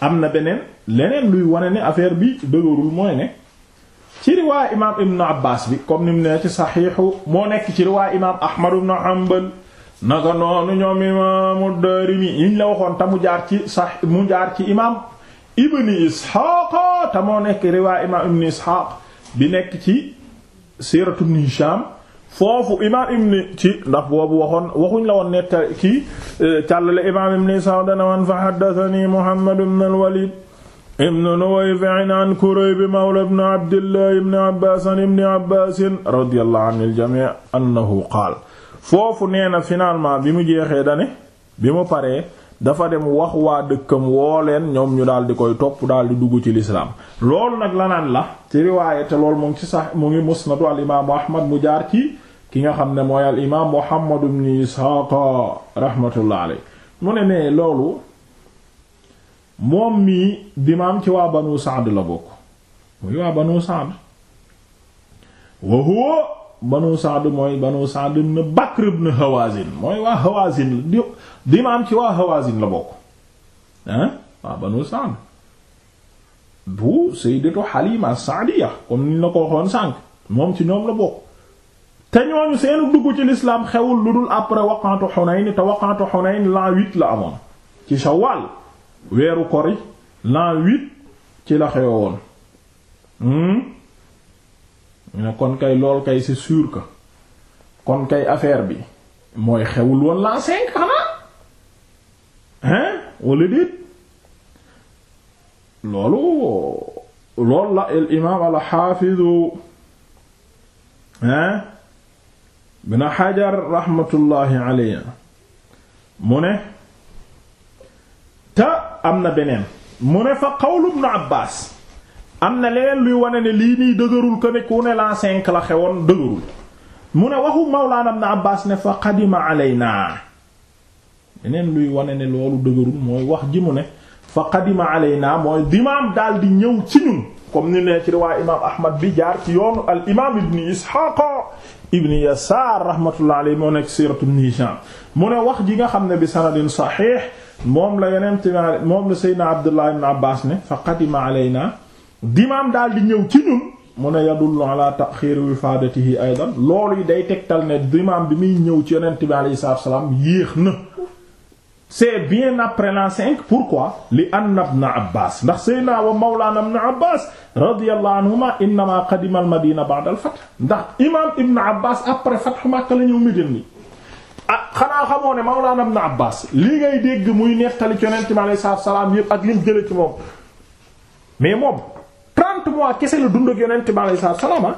am na beneen leneen luy wane ne affaire bi dëgërul mooy ne ci riwaa imaam ibnu Abbaas bi comme ni mu ne ci saxiixu moo nekk ci riwaa imaam Ahmad ibnu Hanbal naka noonu ñoom imaamu Daarimi yiñ la waxoon te mu jaar ci sax mu jaar ci imaam ibni Isxaaqa te moo nekk riwaa imaam ibni Isxaaq bi nekk ci siiratu ibnu Hishaam foofu imaam ibn ci ndax boobu waxoon waxuñ la woon netta kii eh, càllale imaam ibn Sa'd wan fa haddathani Muhammad ibn al-Walid ibn Nuwayfi'in an Kurayb mawla ibn Abdillah ibn Abbas ibn Abbas radiyallahu anil jami' annahu qaal foofu nee na finalement bi mu jeexee dane bi mu paree dafa dem wax waa dëkkam woo leen ñoom ñu daal di koy topp daal di dugg ci lislaam loolu nag lanaan la ci riwaaye te loolu mu ngi ci sax mu ngi musnadu al ahmad mu jaar ci ki nga xam ne mooy al imaam muhammad ibn ishaaq rahmatullah mu ne nee loolu moom mii dimaam ci waa banu saad la bokk muy waa banu saad wa banu saad mooy banu saad bakr ibn hawazin mooy waa hawazin la di ci waa Hawazin la bokk ah waa Banu Sa'd bu sayyidatu Halima Sa'diya comme ni la ko waxoon sànq moom ci ñoom la bokk te ñooñu seenu dugg ci lislaam xewul lu dul après waqantu Hunayn te waqantu Hunayn l'an la amoon ci Shawwal weeru kori l'an ci la xewoon hmm? ne kon kay lool kay c'est sûr que kon kay affaire bi mooy xewul woon l'an cinq hein wala déet loolu loolu la al imaam al xaafidu hein bin xajar raxmatullaahi alayhi mu ne te am na beneen mu ne fa qawlu ibnu am na leneen luy wane ne lii nii dëgërul ko ne ku ne la cinq la xewoon dëgërul mu ne waxu mawlaana ibnu Abbaas ne fa qadima alaynaa leneen luy wane ne loolu dëgërul mooy wax ji mu ne fa qadima alayna mooy dimaam daal di ñëw ci ñun comme ni ne ci riwaay imaam ahmad bi jaar ci yoonu al imaam ibni ishaqa ibni yasaar rahmatullah alayhi moo nekk siiratu ibn hisham mu ne wax ji nga xam ne bi sanadin saxiix moom la yeneen tamit moom la seydna abdullah ibn abbas ne fa qadima alayna dimaam daal di ñëw ci ñun mu ne yadullu ala taxiir wifaadatihi aydan loolu yi day tegtal ne dimaam bi muy ñëw ci yonent bi alayhi salaam c'est bien après l'an 5 pourquoi li anna ibn abbas ndax sayna wa mawlana ibn abbas radiyallahu anhuma innama qadima al madina ba'da al fath ndax imam ibn abbas après fath Makka la ñëw Médine ni ah xanaa xamoo ne mawlana ibn abbas li ngay dégg muy nettali ci yonent mi alayhi salaatu salaam yépp ak lim jële ci moom mais moom 30 mois kese la dund ak yonent mi alayhi salaatu salaam ah.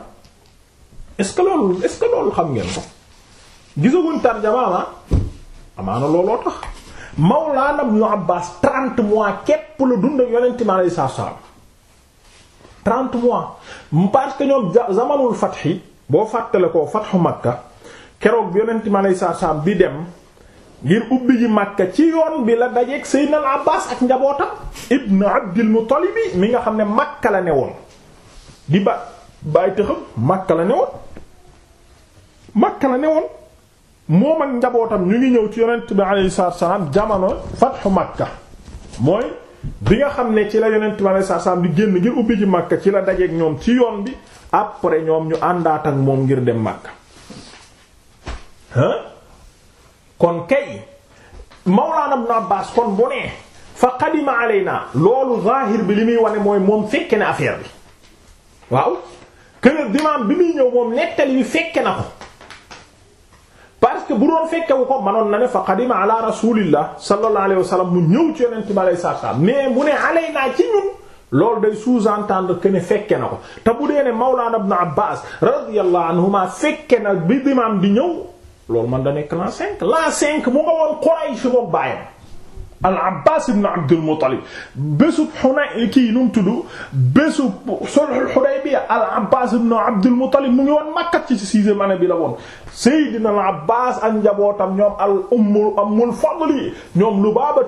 est-ce que loolu est-ce que loolu xam ngeen ko gisaguñ tarjamaama ah. amaana looloo tax Mawlaana Ibnu Abbaas trent mois képp la dund ak yonent mi alayhi salaatu salaam 30 mois parce zamanul fatx boo fàttale ko fatxu Makka keroog yonent mi alayhi salaatu salaam di dem ngir ubbi ji Makka ci yoon bi la dajeek Seydina al Abbaas ak njabootam Ibnu Abdil Muttalib mi nga xam ne Makka la ne woon di ba bàyyi tëxam Makka la ne woon Makka la ne woon moom ak njabootam ñu ngi ñëw ci yonent bi alayhi salaam jamono fatxu Makka mooy bi nga xam ne ci la yonent bi alayhi salaatu salaam di génn ngir ubbi ji Makka ci la dajeek ñoom ci yoon bi après ñoom ñu àndaat moom ngir dem Makka ah kon kay Mawlaana Ibn Abbaas kon bu nee fa qadima alaynaa loolu zaahir bi li muy wane mooy moom fekke na affaire bi waaw kër dimaam bi muy ñëw moom nettali bi fekke na ko que bu ko manoon na ne fa qadima ala rasulillah sallallahu alayhi mu ñëw ci mais mu ne alay naa ci ñun loolu day sous-entendre que ne fekke na ko te bu dee ne Mawlana Ibn Abbas radiyallahu na bi di ñëw man da nekk l'an cinq cinq mu nga woon Quraysh al Abbas ibn Abdul kii nu mu tudd bésub sulhul Hudaybiya al Abbas mu ngi woon Makka ci sixième année bi la woon Seydina al Abbaas ak njabootam ñoom al ummul ummul fadli ñoom Lubaaba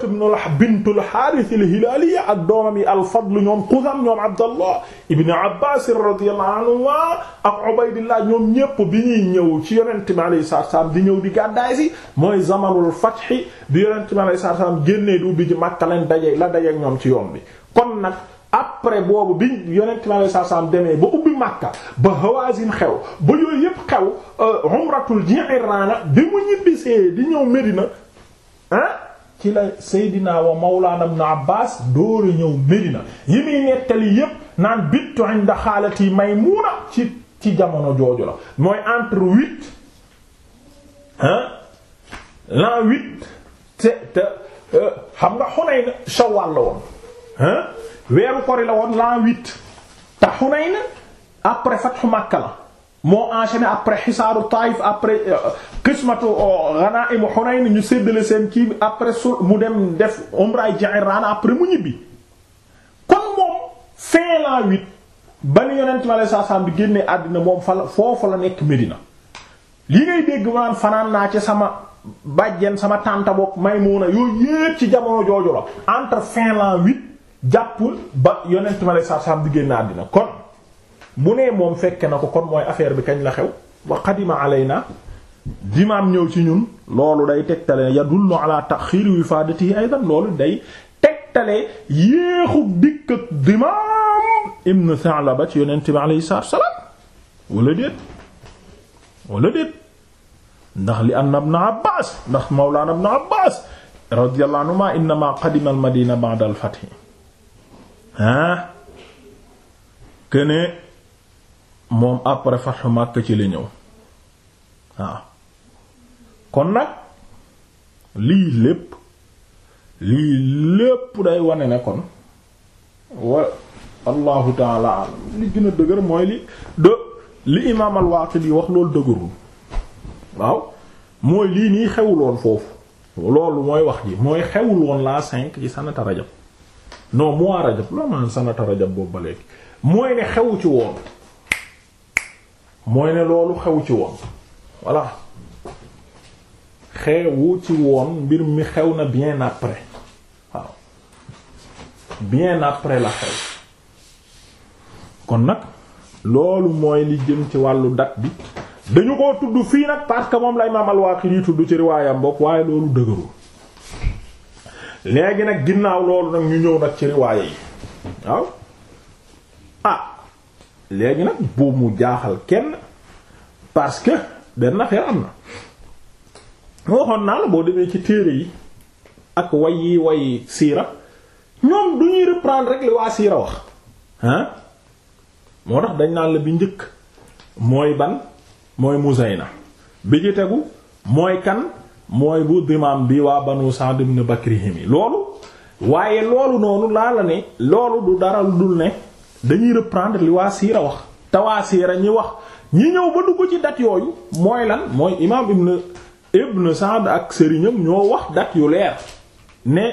bintul Haaris al Hilaaliya ak doomam yi al Fadl ñoom Qusam ñoom Abdallah ibn Abbaas radiyallahu anhuma ak Ubaydillah ñoom ñépp bi ñuy ñëw ci Yonent bi alayhi salaatu salaam di ñëw di gàddaay si mooy zamanul fathi bi Yonent bi alayhi salaatu salaam génnee du bi ji Makka lañ daje la daje ak ñoom ci yoon bi kon nag après boobu bi yonent mi alei sat salaam demee ba ubbi Makka ba Hawazin xew ba yooyu yépp xew euh, umratul Ji'rana bi mu ñibbisee di ñëw Medina ah ci la Seydina wa Mawlana Ibn Abbas dóora ñëw Medina yi muy nettali yépp naan bittu inda xaalati Maymuna ci ci jamono jooju la mooy entre huit ah l'an huit te te euh, xam nga Hunayn Shawwal la woon ah weeru kori la woon l'an huit te Hunayn après fathu Makka la moo enchaîné après xisaaru Taïf après euh, qismatu euh, ghanaim Hunayn ñu séddale seen kii après su mu dem def umraay Ji'irraana après mu ñibbi kon moom fin l'an huit ba ni yonent mi alayhi salaam bi génnee àddina moom fa la foofu la nekk Medina li ngay dégg maanaam fanaan naa ci sama bàjjen sama tànta boog Maymuna yooyu yépp ci jamono jooju la entre fin l'an huit jàppul ba yonent ma lay sax saam di génn àddina kon mu nee moom fekke na ko kon mooy affaire bi kañ la xew wa qadima alayna dimaam ñëw ci ñun loolu day tegtale yadullu ala taxiir wifaadatihi aydan loolu day tegtale yéexu dikk dimaam ibn Sa'laba ci yonent bi alayhi salaam wala déet wala déet ndax li anna ibn Abbaas ndax mawlaana ibn Abbaas radiyallahu anhuma innama qadima al-Madina ba'da al ah këne moom après fathu Makka ci la ñëw waaw kon nag lii lépp lii lépp day wane ne kon wa allahu taala alam li gën a dëgër mooy li de li imaam al-Waaqidi wax loolu dëgërul waaw mooy lii nii xewuloon foofu loolu mooy wax ji mooy xewul woon laa cinq ci sanata Rajab non mois rajab la man sanata rajab boobu ba léegi mooy ne xewu ci woon mooy ne loolu xewu ci woon voilà xewu ci woon mbir mi xew na bien après waaw bien après la xew kon nag loolu mooy li jëm ci wàllu date bi dañu koo tudd fii nag parce que moom la imaam al-Waaqidi tudd ci riwaayam bokk waaye loolu dëgërul léegi nag ginnaaw loolu nag ñu ñëw nag ci riwaaya yi waaw ah léegi nag bu mu jaaxal kenn parce que benn am na waxoon naa la boo demee ci téere yi ak way yi way siira ñoom du ñuy reprendre rek li waa siira wax ah moo tax dañ naan la bi njëkk mooy ban mooy na bi ji tegu mooy kan mooy bu dimaam bi waa banu Sa'd ibn Bakrihim yi loolu waaye loolu noonu laa la ne loolu du dara dul ne dañuy reprendre li waa siira wax te waa siira ñi wax ñi ñëw ba dugg ci dat yooyu mooy lan mooy imaam ibn ibn Sa'd ak sëriñam ñoo wax dat yu leer ne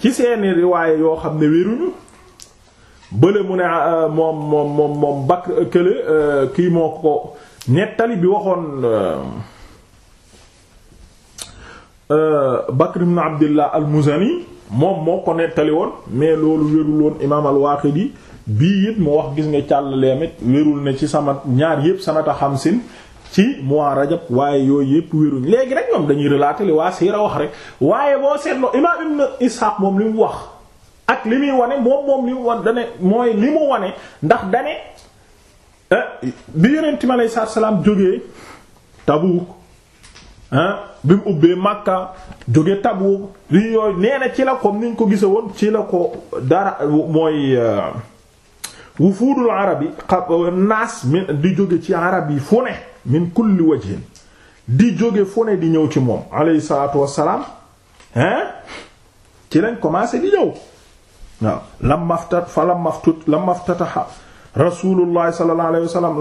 ci seeni riwaaye yoo xam ne wéruñu bële mu ne ah, ah, moom moom moom moom Bakr euh, kii moo ko nettali bi waxoon euh, Euh, Bakr ibn Abdillah al-Muzani moom moo ko nettali woon mais loolu wérul woon imaam al-Waaqidi bii it mu wax gis nga càll leemit wérul na ci sama ñaar yépp sanata xamsin ci mois rajab waaye yooyu yépp wéruñ léegi rek ñoom dañuy relater li waa siira wax rek waaye boo seetloo imaam Ishaq moom li mu wax ak li muy wane moom moom li mu wan dane mooy li mu wane ndax dane eh, bi yonent mi alayhi salaam jógee Tabuuk bi mu ubbee Makka jóge Tabuk li yooyu nee na ci la comme ni ko gisa woon ci la ko dara mooy euh, wufuudul arab yi euh, naas di jóge ci arab yi fu ne min kulli wajhin di jóge fu ne di ñëw ci moom alayhi salaatu wassalaam hein ci lañ commencé di ñëw waaw lam la fa lam maftut lam maftataha rasulullah sallallahu alayhi wasallam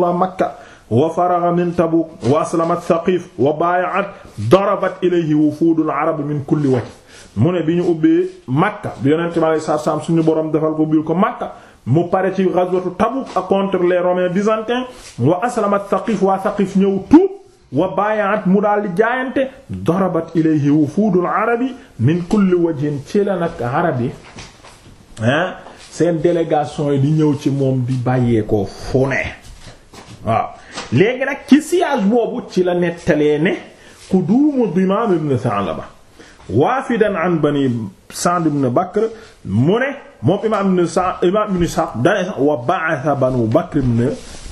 lam makka wa faraga min Tabuk wa aslamat Thaqif wa baaya'at darabat ilayhi wufuudul arab min kulli wajh mu ne bi ñu ubbi Makka bi yonente mi alayhi suñu borom defal ko biir ko Makka mu pare ci ghazwatu Tabuk ak contre les romains byzantins wa aslamat Thaqif waa Thaqif ñëw tuub wa baaya'at mu daal di jaayante darabat ilayhi wufuudul arabi min kulli wajhin ci la nag arab yi ah seen délégation yi di ñëw ci moom bi bàyyeekoo fu waaw léegi nag ci siyaas boobu ci la nettalee ne quduumu Dimaam ibn Sa'laba waafidan an bani Sa'd ibn Bakr mu ne moom imaam ibn Sa'd imaam ibn Sa'd dane sax wa ba'atha banu Bakr ibn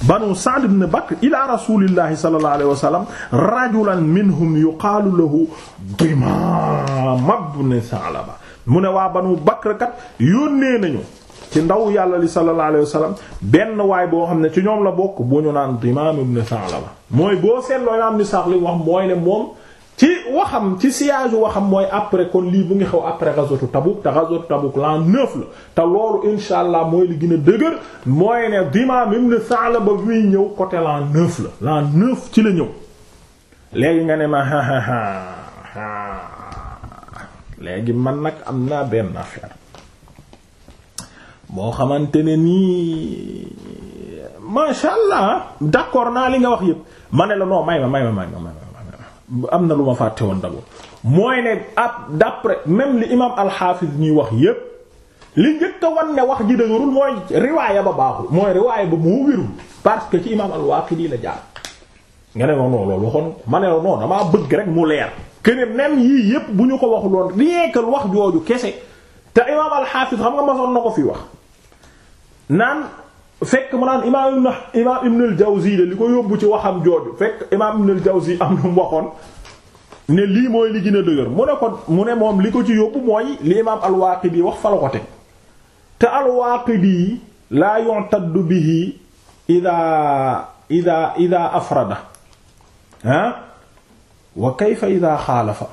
banu Sa'd ibn Bakr ila rasulillahi sallallahu alayhi wa sallam rajulan minhum yuqaalu lahu Dimaam ibn Sa'laba mu ne waa banu Bakr kat yónnee nañu ci ndaw yàlla li sallallahu alayhi wasallam benn waay boo xam ne ci ñoom la bokk bu ñu naan imaam ibn Sa'laba mooy boo seetloo imaam ibn Sa'laba wax mooy ne moom ci waxam ci siyaaju waxam mooy après kon lii bu ngi xew après ghazwatu Tabuk te ghazwatu Tabuk l'an neuf la te loolu insha allah mooy li gën a dëgër mooy ne imaam ibn Sa'laba muy ñëw côté l'an neuf la l'an neuf ci la ñëw léegi nga ne ma léegi man nag am naa benn affaire boo xamante ne nii masha allah d'accord naa li nga wax yépp ma ne la non may ma may ma may ma may ma am na lu ma fàtte woon d'abord mooy ne ab d'après même li imam al-Hafiz ñuy wax yépp li njëkk a wan ne wax ji dëgërul mooy riwaaya ba baaxul mooy riwaaya ba moo wérul parce que ci imam al-Waqidi la jaar nga ne ma non loolu waxoon ma ne la non damaa bëgg rek mu leer que ne même yii yépp bu ñu ko waxuloon rien que wax jooju kese te imam al-Hafiz xam nga masoon na ko fi wax. naan fekk mu naan imaam imaam Ibn al-Jawzi de li ko yóbbu ci waxam jooju fekk imaam Ibn al-Jawzi am na mu ne lii mooy li ko moom li ko ci yóbbu mooy li imaam al-Waaqidi wax fa la ko teg te al-Waaqidi laa yu'taddu bihi idaa idaa idaa afrada ah wa kayfa idaa xaalafa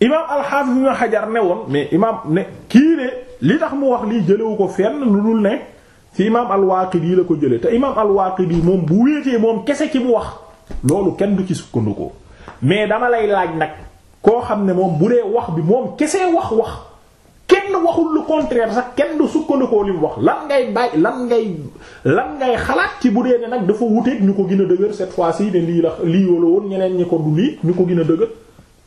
imaam al-Haafiz Ibn Hajar ne woon mais imaam ne kii de. li tax mu wax lii jëlewu ko fenn lu dul ne ci imaam al-Waaqidi la ko jële te imaam al-Waaqidi moom bu wéetee moom kese ci mu wax loolu kenn du ci sukkandikoo mais dama lay laaj nag koo xam ne moom bu dee wax bi moom kese wax wax kenn waxul lu contraire sax kenn du sukkandikoo li mu wax lan ngay bàyyi lan ngay lan ngay xalaat ci bu dee ne nag dafa wuteek ñu ko gën a dëgër cette fois-ci ne lii la lii wala woon ñeneen ñi ko du lii ñu ko gën a dëgër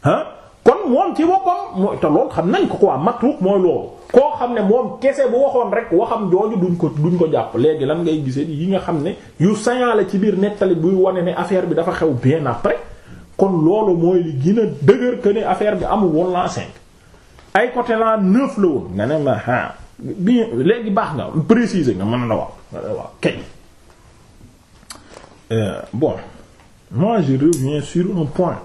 ah kon moom ci boppam mooy te loolu xam nañ ko quoi matruuk mooy loolu koo xam ne moom kese bu waxoon rek waxam jooju duñ ko duñ ko jàpp léegi lan ngay gisee yi nga xam ne yu sañaa la ci biir nettali buy wane ne affaire bi dafa xew bien après kon loolu mooy li gën dëgër que ne affaire bi amul woon l'an cinq ay côté l'an la woon nga ne ma ah bien léegi baax nga préciser nga mën na wax waaw kay euh, bon moi je reviens sur un point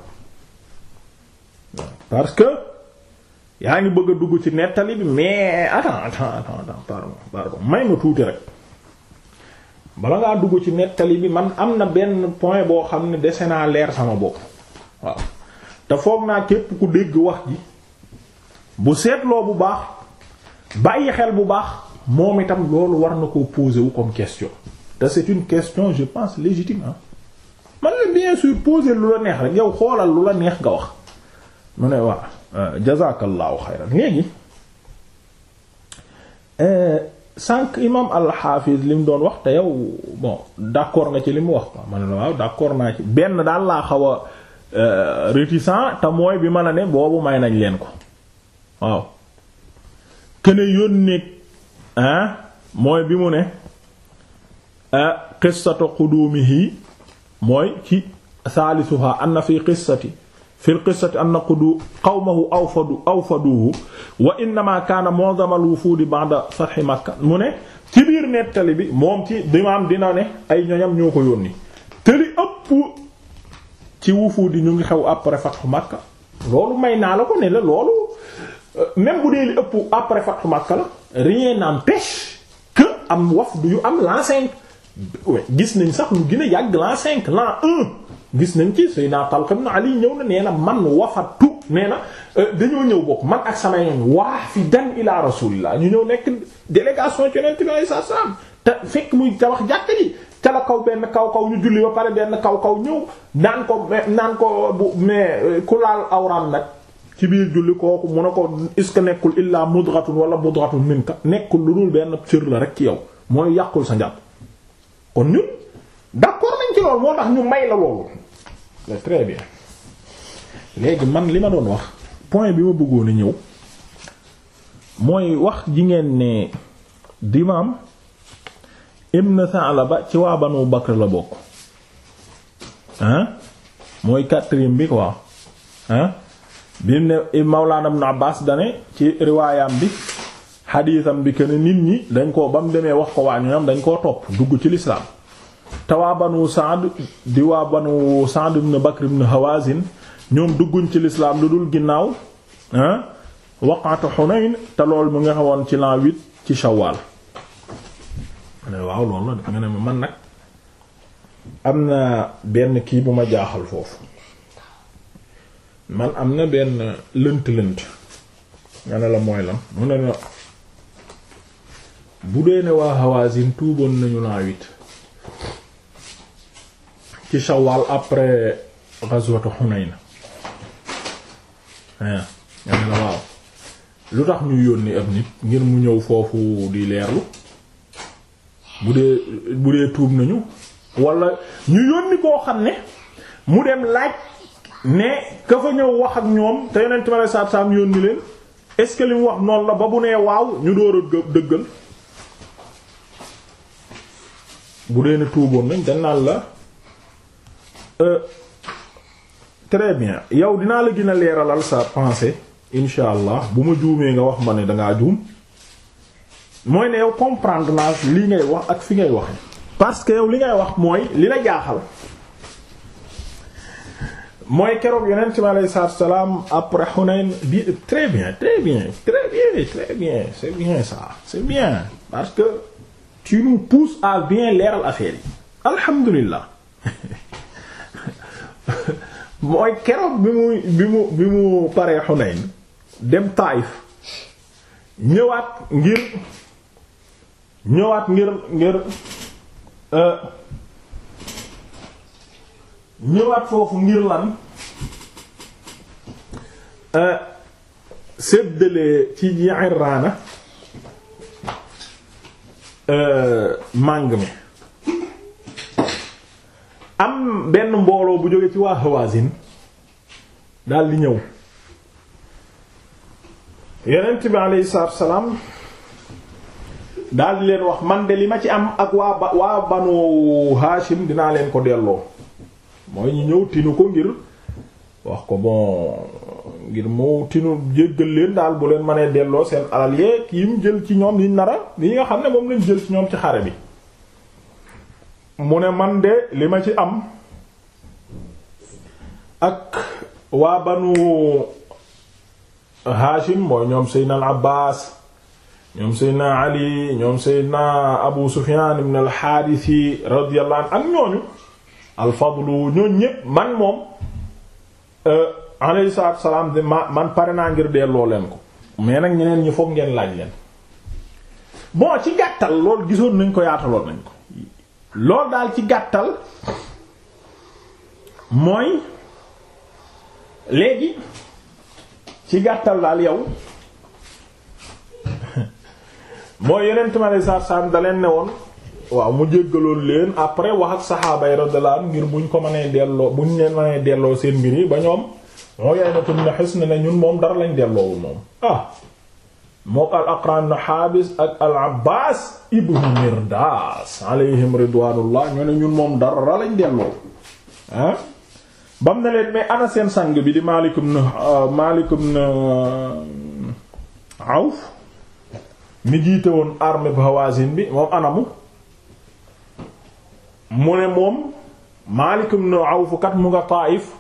parce que yaa ngi bëgg a dugg ci nettali bi mais attends attends attends pardon may ma tuuti rek bala ngaa dugg ci nettali bi man am na benn point boo xam ne dese naa leer sama bopp waaw te foog naa képp ku dégg wax ji bu seetloo bu baax bàyyi xel bu baax moom itam loolu war na koo poser wu comme question te c'est une question je pense légitime man la bien sûr poser lu la neex rek yow xoolal lu la neex nga wax. mu ne waa euh, jazaakallaahu xayran léegi euh, sànq imam alxaafiz li mu doon wax te yow bon d'accord nga ci li mu wax quoi ma ne la waaw d'accord naa ci benn daal laa xaw a euh, réticent te mooy bi ma la ne boobu may nañ leen ko waaw kene yónneeg ah mooy bi mu ne qissatu qudumihi mooy ci saalisuha fi qissati fi lqissati anna qudu qawmahu awfadu awfaduhu wa ci biir nettali bi moom ci dimaam dina ne ay ñoñam ñoo ko yónni te ci wufuudi ñu ngi xew après fathu makka may naa la ko ne la loolu euh, même bu que am wafdu yu am l'an cinq gis nañ sax lu gën yàgg l'an l'an un gis nañ ci Seydina Talq ibn Ali ñëw na nee na man wafatu nee na euh, dañoo ñëw bokk man ak sama ñoom waafidan ila rasulillah ñu ñëw nekk délégation ci yonent sa alayhi salaam te fekk muy tabax jàkka ji ca la kaw benn kaw kaw ñu julli ba pare benn kaw kaw ñëw naan ko naan ko bu mais euh, ku laal awraam nag ci biir julli kooku mun a ko est-ce que nekkul illa mudghatun wala mudghatun minka nekkul lu dul benn cër la rek ci yow mooy yàqul sa njàpp kon ñun d'accord nañ ci loolu moo ñu may la loolu très bien léegi man li ma doon wax point bi ma bëggoon ñëw mooy wax ji ngeen ne dimaam ibn Sa'laba ci waa Banu bakk la bokk ah mooy quatrième bi quoi ah bi ne Mawlana Ibn Abbas dane ci riwaayam bi xadiisam bi que nit ñi dañ ko ba mu demee wax ko waa ñoom dañ koo topp dugg ci lislaam te waa banu Saad di waa banu Saad Hawazin ñoom dugguñ ci lislaam lu dul ginnaaw ah waqatu Hunayn te loolu mu nga xawoon ci l'an huit ci Shawwal waaw loolu la nga ne ma man nag am na benn kii bu ma jaaxal foofu man am na benn lënt-lënt nga ne la mooy mu ne la bu dee ne waa Hawazin tuuboon nañu l'an ci shawwal après ghazwatu Hunayn ah, na waaw lu tax ñu yónni ab nit ngir mu ñëw foofu di leerlu bu dee bu dee tuub nañu wala ñu yónni koo xam ne mu dem laaj ne ka fa ñëw wax ak ñoom te yonent ma lay saab saab yónni leen est-ce wax noonu la ba bu nee waaw ñu door a dëggal bu dee ne tuuboon nañ dañ naan la Euh, très bien yow dinaa la gën a leeralal sa pensée incha allah bu ma juumee nga wax ma ne dangaa juum mooy ne yow comprendre naa li ngay wax ak fi ngay waxe parce que yow li ngay wax mooy li la jaaxal mooy keroog yeneen ci alayhi salaam après Hunayn bi très bien très bien très bien très bien c'est bien ça c'est bien parce que tu nous pousses à bien leeral affaire yi alhamdulilah mooy keroog bi mu bi mu bi mu paree Xunayn dem Taayif ñëwaat ngir ñëwaat ngir ngir euh, ñëwaat foofu ngir lan euh, séddale ci Ji'irraana euh, màng mi am benn mbooloo bu jógee ci waa Hawazin daal di ñëw yonent bi alayhi salaatu salaam daal di leen wax man de li ma ci am ak waa ba waa banu Hashim dinaa leen ko delloo mooy ñu ñëw tinu ko ngir wax ko bon ngir mu tinu jéggal leen daal bu leen mënee delloo seen alal yeeg yi mu jël ci ñoom yi nara li yi nga xam ne moom lañ jël ci ñoom ci xare bi. mu ne man de li ma ci am ak waa banu Haashim mooy ñoom Seydina al Abbaas ñoom Seydina Ali ñoom Seydina Abu Sufyaan ibn al Haarisi radiyallahu anhu ak ñooñu al Fadlu ñooñu ñépp man moom euh, alayhi salaatu salaam de ma man pare naa ngir delloo leen ko mais nag ñeneen ñi foog ngeen laaj leen bon ci gàttal loolu gisoon nañ ko yaataloon nañ ko loolu daal ci gàttal mooy léegi ci gàttal daal yow moo yeneen ma saa saam da leen ne woon waaw mu jéggaloon leen après wax ak saxaaba yi radiyallahu anhum ngir buñ ko mënee delloo ñu leen mënee delloo seen mbir yi ba ñoom moo yaay na xis ne ñun moom dara lañ delloowul moom ah, moo al aqran na ak al abbas ibnu mirdas alayhim ridwanullah ñoo ne ñun moom dara lañ delloo bam na leen mais ana seen sang bi di Maalik ibn euh, Maalik ibn euh, Awf mi jiite woon armée bu Hawazin bi moom anamu mu ne moom Maalik ibn Awf mu nga Taif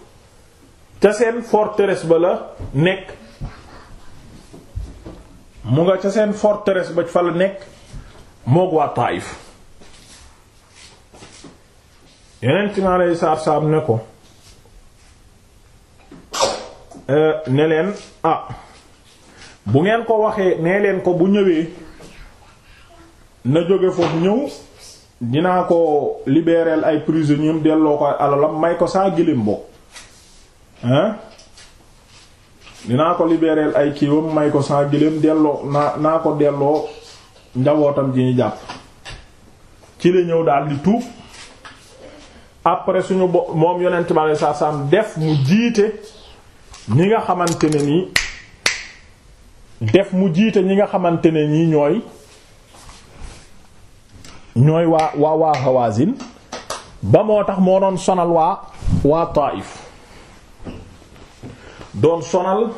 ca seen forteresse ba la nekk mu nga ca seen forteresse ba fa la nekk moog waa Taayif yonent mi alayhi salaatu salaam ne ko euh, ne leen ah bu ngeen ko waxee nee leen ko bu ñëwee na jóge foofu ñëw dinaa ko libérer ay prisonniers delloo ko alalam may ko saa gilim bokk hein dinaa ko libérer ay kiiwam may ko saa giléem delloo naa naa ko delloo njabootam ji ñu jàpp ci la ñëw daal di tuub après suñu bo moom yonent bi alei satu salaam def mu jiite ñi nga xamante ne nii def mu jiite ñi nga xamante ne nii ñooy ñooy waa waa waa Hawazin ba moo tax moo doon sonal waa waa Taif doon sonal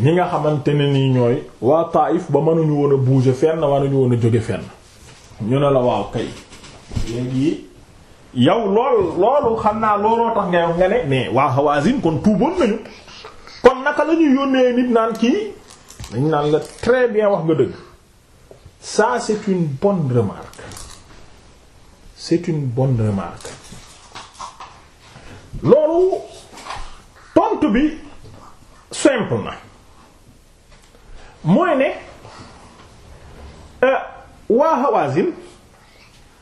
ñi nga xamante ne nii ñooy waa Taif ba mënuñu woon a bouger fenn mënuñu woon a jóge fenn ñu ne la waaw kay yow loolu xam naa looloo tax nga yow nga ne mais waa Hawazin kon tuuboon nañu kon naka la ñuy yónnee nit naan kii dañ naan la très bien wax nga dëgg ça c'est une bonne remarque c'est une bonne remarque loolu tontu bi. simple na mooy ne euh, waa Hawazin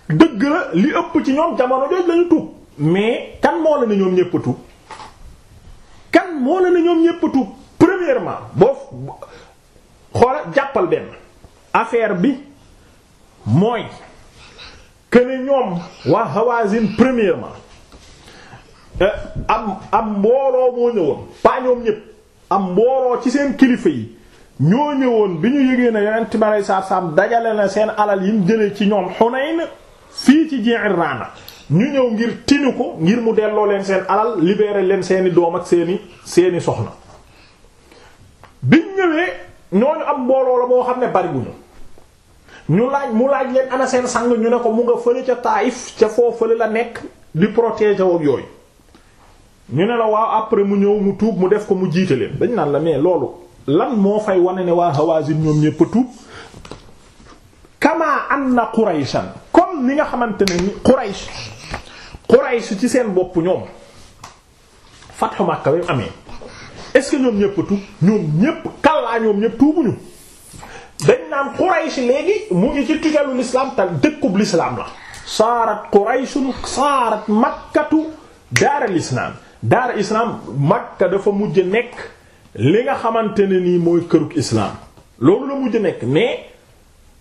dëgg la li ëpp ci ñoom jamono jooju lañu tuub mais kan moo la ne ñoom ñépp a tuub kan moo la ne ñoom ñépp premièrement boo xoola jàppal benn affaire bi mooy que ne ñoom waa Hawazin premièrement euh, am am mbooloo moo ñëwoon pas ñoom ñépp. am mbooloo ci seen kilifa yi ñoo ñëwoon bi ñu yëgee na yonent bi aleyhi salaatu dajale na seen alal yi jëlee ci ñoom Xunayn fii ci Ji'irraana ñu ñëw ngir tinu ko ngir mu delloo leen seen alal libere leen seeni doom ak seeni seeni soxna biñ ñëwee ñooñu am mbooloo la boo xam ne bariwuñu ñu laaj mu laaj leen ana seen sang ñu ne ko mu nga fële ca Taayif ca foo la nekk di protéger woog yooyu ñu ne la waaw après mu ñëw mu tuub mu def ko mu jiite leen dañ naan la mais loolu lan moo fay wane ne waa Hawazin ñoom ñépp a tuub kamaa anna Qurayshan comme ni nga xamante ne ni Quraysh Quraysh ci seen bopp ñoom fathu Makka bi amee est-ce que ñoom ñépp a tuub ñoom ñépp kallaa ñoom ñépp tuubuñu dañ naan Quraysh léegi mu ngi ci tugalu l'islam te dëkkub l'islam la saarat Qurayshun saarat Makkatu daaral islam daar daara islam Makka dafa mujj nekk li nga xamante ne nii mooy kërug islam loolu la mujj nekk mais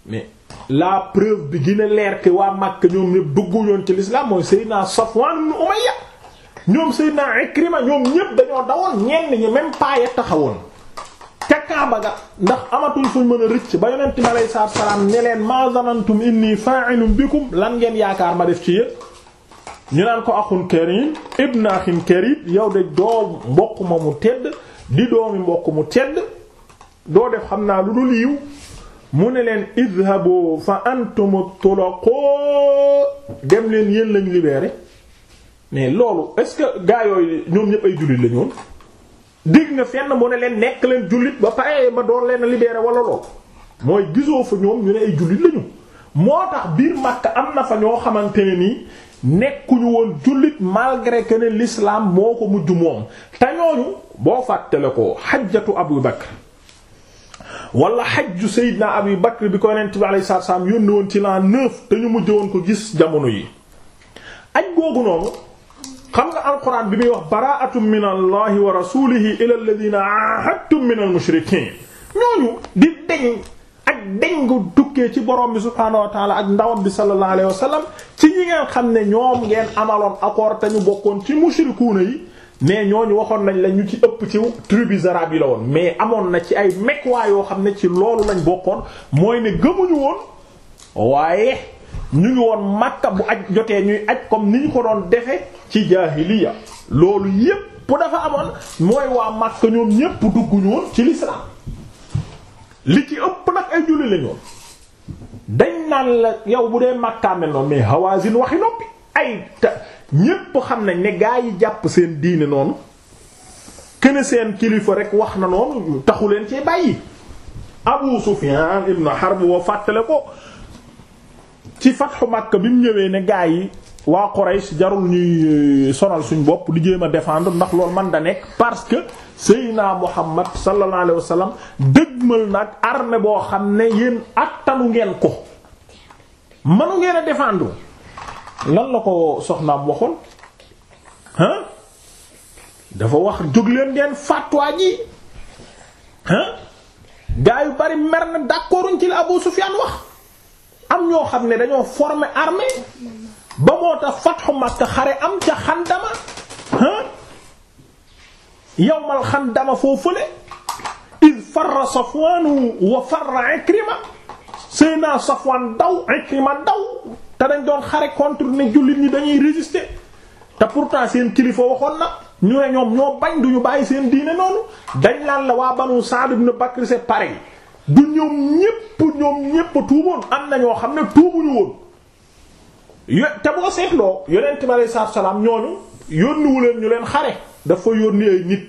mais la preuve bi gën a leer que waa Makka ñoom ñëpp duggu yoon ci l'islam mooy Seydina Safwan ibn Umayya ñoom naa Ikrima ñoom ñëpp dañoo dawoon ñenn ñi même paaya taxawoon ca Kaaba ga ndax amatul fuñ mën a rëcc ba yonent bi alayhi salaam ne leen ma zanantum inni fa'ilun bikum lan ngeen yaakaar ma def ci yëpp ñu naan ko axun karim ibn axin karim yow de doo mbokk ma mu tedd di doomi mbokk mu tedd doo def xam naa lu dul yiw mu ne leen idhabu fa antum tulaqoo dem leen yéen lañ libéré mais loolu est-ce que gaa yooyu ñoom ñëpp ay jullit lañu woon nga fenn mu ne leen nekk leen jullit ba pare ma doon leen libeere wala lool mooy gisoo fa ñoom ñu ne ay jullit lañu moo tax biir Makka am na fa ñoo xamante ne nii nekkuñu woon jullit malgré que ne lislaam moo ko mujj moom te ñooñu boo fàttale ko xajjatu Abu Bakr wala xajju Seydina Abu Bakr bi ko yonent bi alayhi salaatu salaam yónni woon ci l'an neuf te ñu mujj woon ko gis jamono yi aj googu noonu xam nga alquran bi muy wax bara'atun min allahi wa rasulihi ila alladhina min al ñooñu di deñ ak dengu dukkee ci borom bi subhaanahu wa taala ak ndawam bi sallallahu alayhi wa sallam ci ñi ngeen xam ne ñoom ngeen amaloon accord te ñu bokkoon ci mushrikuuna yi mais ñooñu waxoon nañ la ñu ci ëpp ci tribus arabes yi la woon mais amoon na ci ay mekwa yoo xam ne ci loolu lañu bokkoon mooy ne gëmuñu woon waaye ñu ngi woon Makka bu aj jotee ñuy aj comme ni ñu ko doon defe ci jaahiliya loolu yépp dafa amoon mooy waa Makka ñoom ñépp dugguñu woon ci l'islam li ci ëpp nag ay julli la ñoon dañ naan la yow bu dee Makka mel noonu mais Hawazin waxi noppi ay ta ñépp xam nañ ne gaa yi jàpp seen diine noonu kene seen kilifa rek wax na noonu taxu leen cee bàyyi Abu Sufyan ibn Harb woo fàttale ko ci fatxu Makka bi mu ñëwee ne gaa yi waa Quraysh jarul ñuy euh, sonal suñ bopp di jéem a défendre ndax lool man da nekk parce que Seydina Muhammad sallallahu alayhi wa sallam dëgmal nag armée boo xam ne yéen attanu ngeen ko manu ngeen a défendre lan la ko soxnaam waxoon ah dafa wax jóg leen ngeen fatwa ji ah gaa yu bari mer na d'accorduñ ci la Abu Sufyan wax am ñoo xam ne dañoo forme armée ba moo tax fatxu Makka xare am ca xandama ah yawmal xandama foofule il farra Safwaanu wa farra Ikrima Seyna Safwaan daw Ikrima daw te dañ doon xare contre ne jullit ñi dañuy résister te pourtant seen kilifa waxoon na ñu ne ñoom ñoo bañ duñu bàyyi seen diine noonu dañ laan la waa Banu Sa'd ibn Bakr c'est pareil du ñoom ñépp ñoom ñépp tuuboon am na ñoo xam ne tuubuñu woon. yo te boo seetloo yonent bi aleyhi salaatu salaam ñooñu yónniwu leen ñu leen xare dafa yónni ay nit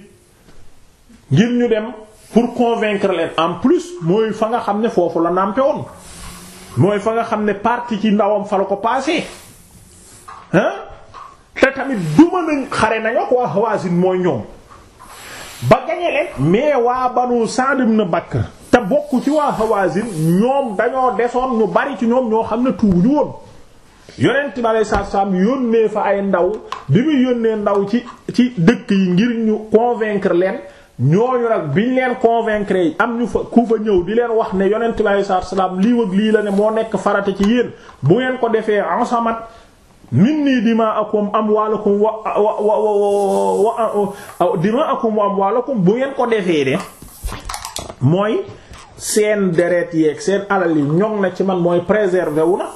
ngir ñu dem pour convaincre leen en plus mooy fa nga xam ne foofu la nàmpe woon mooy fa nga xam ne parti ci ndawam fa la ko passé te tamit duma nañ xare nañu ko waa Hawazin mooy ñoom ba gañe leen mais waa Banu Sa'd na Bakr te bokk ci waa Hawazin ñoom dañoo desoon ñu bari ci ñoom ñoo xam ne tuubu ñu woon yonent bi aleyhi salaatu salaam yónnee fa ay ndaw bi muy yónnee ndaw ci ci dëkk yi ngir ñu convaincre leen ñooñu nag biñ leen convaincre yi am ñu fa ku fa ñëw di leen wax ne yonent bi aleyhi salaatu salaam lii wëg lii la ne moo nekk farata ci yéen bu ngeen ko defee ensamat minni dimaakum amwaalakum wa wa wa wa dimaakum wa amwaalakum bu ngeen ko defee de mooy seen deret yeeg seen alal yi ñoŋ na ci man mooy préserver wu na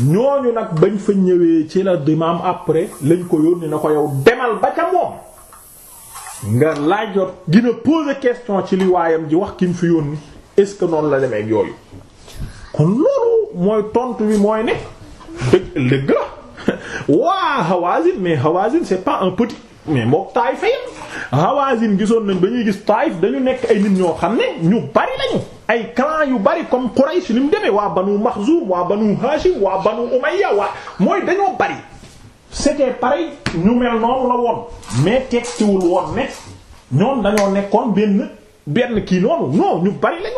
ñooñu nag bañ fa ñëwee ci la dimaam après lañ ko yónni na ko yow demal ba ca moom nga laaj jot dina poser question ci li waayam ji wax ki mu fi yónni est-ce que noonu la demee ak yooyu kon loolu mooy tontu bi mooy ne dëgg dëgg la waa Hawazin mais Hawazin c'est pas un petit mais mook Taïf fayam Hawazin gisoon nañ ba ñuy gis Taïf dañu nekk ay nit ñoo xam ne ñu bari ay clan yu bari comme Quraysh ni mu demee waa banu Maxzum waa banu Hashim waa banu Umayya waa mooy dañoo bari c'était pareil ñu mel noonu la woon mais tekkiwul woon ne ñoom dañoo nekkoon benn benn kii noonu non ñu bari lañ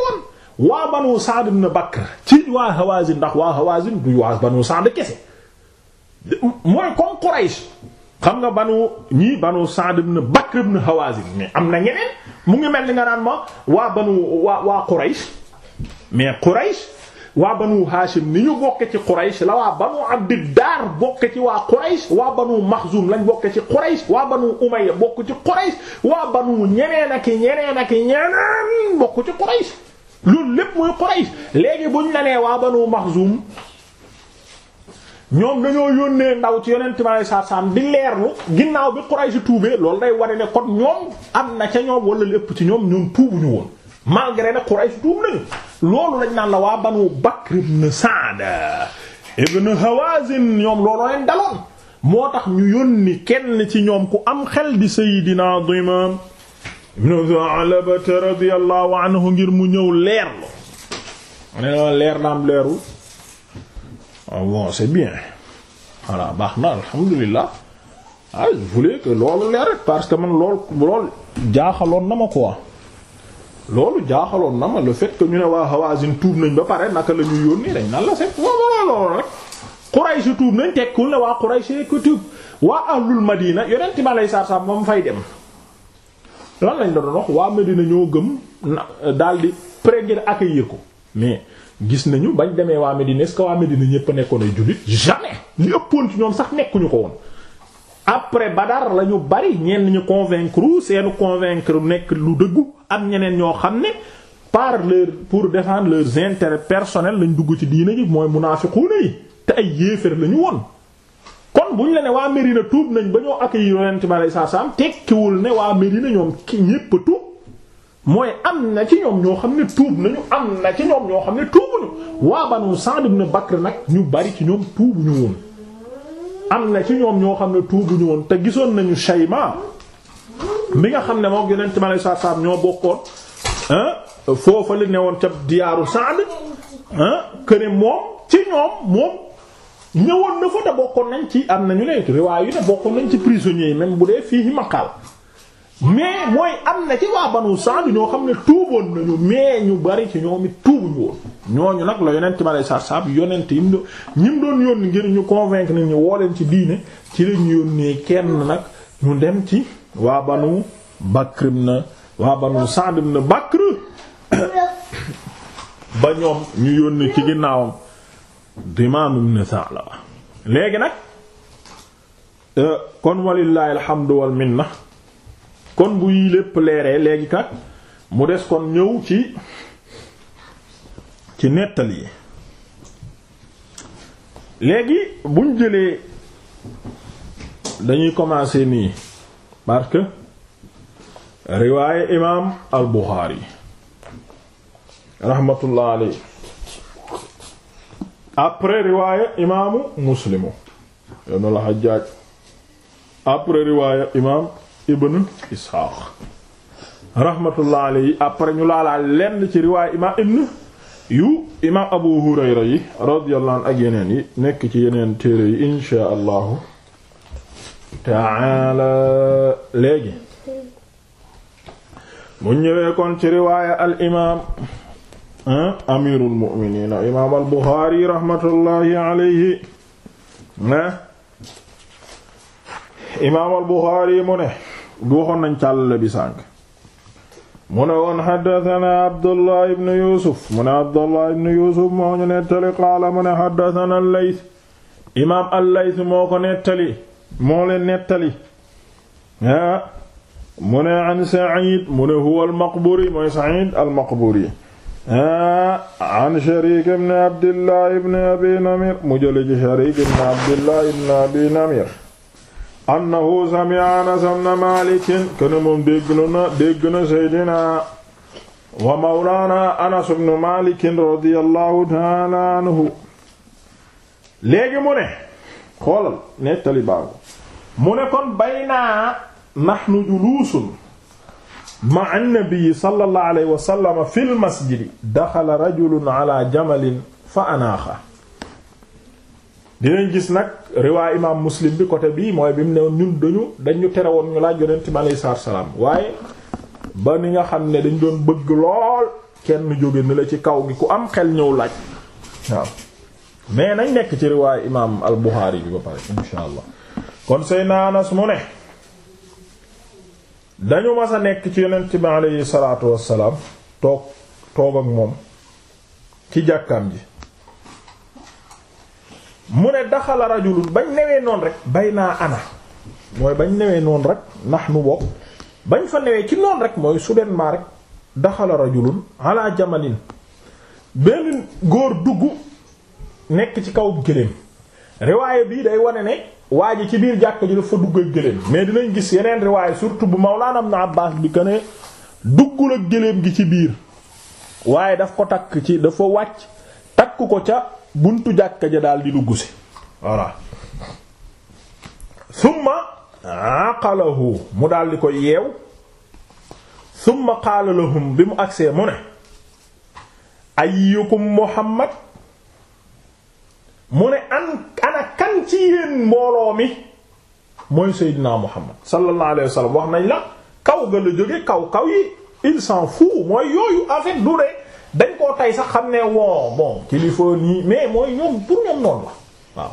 waa banu Sa'd ibn Bakr ci waa Hawazin ndax waa Hawazin du waa banu Sa'd kese mooy comme Quraysh xam nga banu ñii banu Sa'd ibn Bakr ibn Hawazin am na ñeneen mu ngi mel ni nga naan ma waa banu waa Quraysh mais Quraysh waa banu Hashim ni ñu bokke ci Quraysh la waa banu Abd Dar bokke ci waa Quraysh waa banu Makhzum lañ bokke Quraysh waa banu Umayya bokk ci Quraysh waa banu ñeneen bokk ci Quraysh loolu lépp muy Quraysh léegi buñ la waa banu Makhzum ñoom dañoo yónnee ndaw ci yonent bi saa saam di leerlu ginnaaw bi Quraysh tuubee loolu day ware ne kon ñoom am na ca ñoom wala lépp ci ñoom ñoom tuubuñu woon malgré ne Quraysh tuub nañu loolu lañ naan la waa Banu Bakr ibn Sa'd ibn Hawazin ñoom looloo leen ci ñoom ku am xel di Seydina Dimaam ngir mu ñëw leerlu ne leer naam leerul bon c'est bien voilà baax na alhamdulilah ah je voulais que loolu leer rek parce que man lool lool jaaxaloon na ma quoi loolu jaaxaloon na ma le fait ñu ne waa Hawazin tuub nañ ba pare naka la ñuy yónni dañ nan la c'est loolu rek Quraysh tuub nañ tekkul ne waa Quraysh ko tuub waa ahlul Madina yonent ma lay saar saar moom fay dem lan lañ la doon wax waa Madina ñoo gëm na daldi prêt ngir accueillir ko mais gis nañu bañ demee waa Medina est-ce que waa Medina ñëpp nekkoon ay jullit jamais li ëppoon ci ñoom sax nekkuñu ko woon. après Badar la ñu bari ñenn ñu convaincre seenu convaincre nekk lu dëggu am ñeneen ñoo xam ne par leur pour défendre leurs intérêts personnels lañ dugg ci diina ji mooy munaafiquna yi te ay yéefar la ñu woon. kon bu ñu la ne waa Medina tuub nañ ba ñoo accueillir Yonent bi sallallahu alayhi wasallam tekkiwul ne waa Medina ñoom ki ñëpp tuub. mooy am na ci ñoom ñoo xam ne tuub nañu am na ci ñoom ñoo xam ne tuubuñu waa banu bu ibn Bakr nag ñu bari ci ñoom tuubuñu woon am na ci ñoom ñoo xam ne tuubuñu woon te gisoon nañu Shayma mi nga xam ne moom Yonent mi alayhi salaatu salaam ñoo bokkoon foofa li ne woon ca diyaaru Sa'd këne moom ci ñoom moom ñëwoon na te bokkoon nañ ci am nañu ne waaye yu ne bokkoon nañ ci prisonniers yi même bu dee fii maqaal mais mooy am na ci waa banu Sa'd ñoo xam ne tuuboon nañu mais ñu bari ci ñoom it tuubuñu woon ñooñu nag la yonent ma lay sar sab yonent yi ñim doon yónni ngir ñu convaincre ni ñu woo leen ci diine ci la ñu yónnee kenn nag ñu dem ci waa banu Bakr na waa banu Sa'd na Bakr ba ñoom ñu yónni ci ginnaawam dimaanum na sa la léegi nag euh, kon walillahi alhamdu wal minna kon bu yii lépp leeree léegi kat mu des kon ñëw ci ci nettal yi léegi buñ jëlee dañuy commencer nii parce que riwaaye imaam al Buxaari rahmatullah après riwaaye imaamu muslimu ibn al Hajjaj après riwaaye imaam ibn Ishaq rahmatullah alayhi après ñu laalaa lenn ci riwaay imaam ibn yu imaam Abu Hurayra yi radiyallahu anhu ak yeneen yi nekk ci yeneen téere yi insha allahu taala léegi mu ñëwee kon ci riwaaya al imaam amirul imaam al Buxaari rahmatullahi mu ne du waxoon nañ càllale bi sànk mu ne woon xaddatana abdullah ibnu yuusuf mu ne abdullah ibnu yuusuf moo ñu nettali qaala mu ne xaddatana allays imaam allays moo ko nettali moo leen nettali ah mu ne an said mu ne huwa almaqburi mooy said almaqburi ah an sharik ibn abdillah ibn abi namir mu jële ci sharik ibn abdillah ibn abi namir annahu sami'a Anas ibn Maalik kene moom dégg na dégg na Seydina wa mawlaana Anas ibn Maalik radiyallahu ta'ala anhu léegi mu ne xoolal nettali baabu mu ne kon baynaa nahnu juluusun ma'a an-nabiyyi sallallahu alayhi wa sallam fil masjidi daxala rajulun ala jamalin fa anaaxa dinañ gis nag riwaa imaam muslim bi côté bii mooy bi mu ne ñun dañu dañu tere woon ñu laaj yonent bi aleyhi salaatu salaam waaye ba ni nga xam ne dañ doon bëgg lool kenn jóge ni la ci kaw gi ku am xel ñëw laaj waaw mais nañ nekk ci riwaayu imaam al Buxaari bi ba pare insha allah kon Seydina Anas mu ne dañu mas a nekk ci yonent bi aleyhi salaatu wassalaam toog toog ak moom ci jàkkaam ji mu ne daxala rajulun bañ newee noonu rek bay naa ana mooy bañ newee noonu rek ndax nu bopp bañ fa newee ci noonu rek mooy soudainement rek daxala rajulun ala jamalin benn góor dugg nekk ci kaw gëléem riwaaye bii day wane ne waa ji ci biir jàkk ji dafa dugg ak gëléem mais dinañ gis yeneen riwaaye surtout bu Mawlaana Ibn Abbaas bi que ne duggul ak gëléem gi ci biir waaye daf ko takk ci dafa wàcc takk ko ca buntu jàkka ja daal di dugg si voilà summa aqalahu mu daal di ko yeew summa qaala bi mu agsee mu ne ayyukum muhammad mu ne an ana kan ci yéen mbooloo mi mooy seydinaa muhammad sallallahu alayhi wa sallam wax nañ la kaw ga la jóge kaw kaw yi il s'en mooy yooyu affaire du rek dañ koo tay sax xam ne woo bon kilifa nii mais mooy ñoom pour ñoom noonu la waaw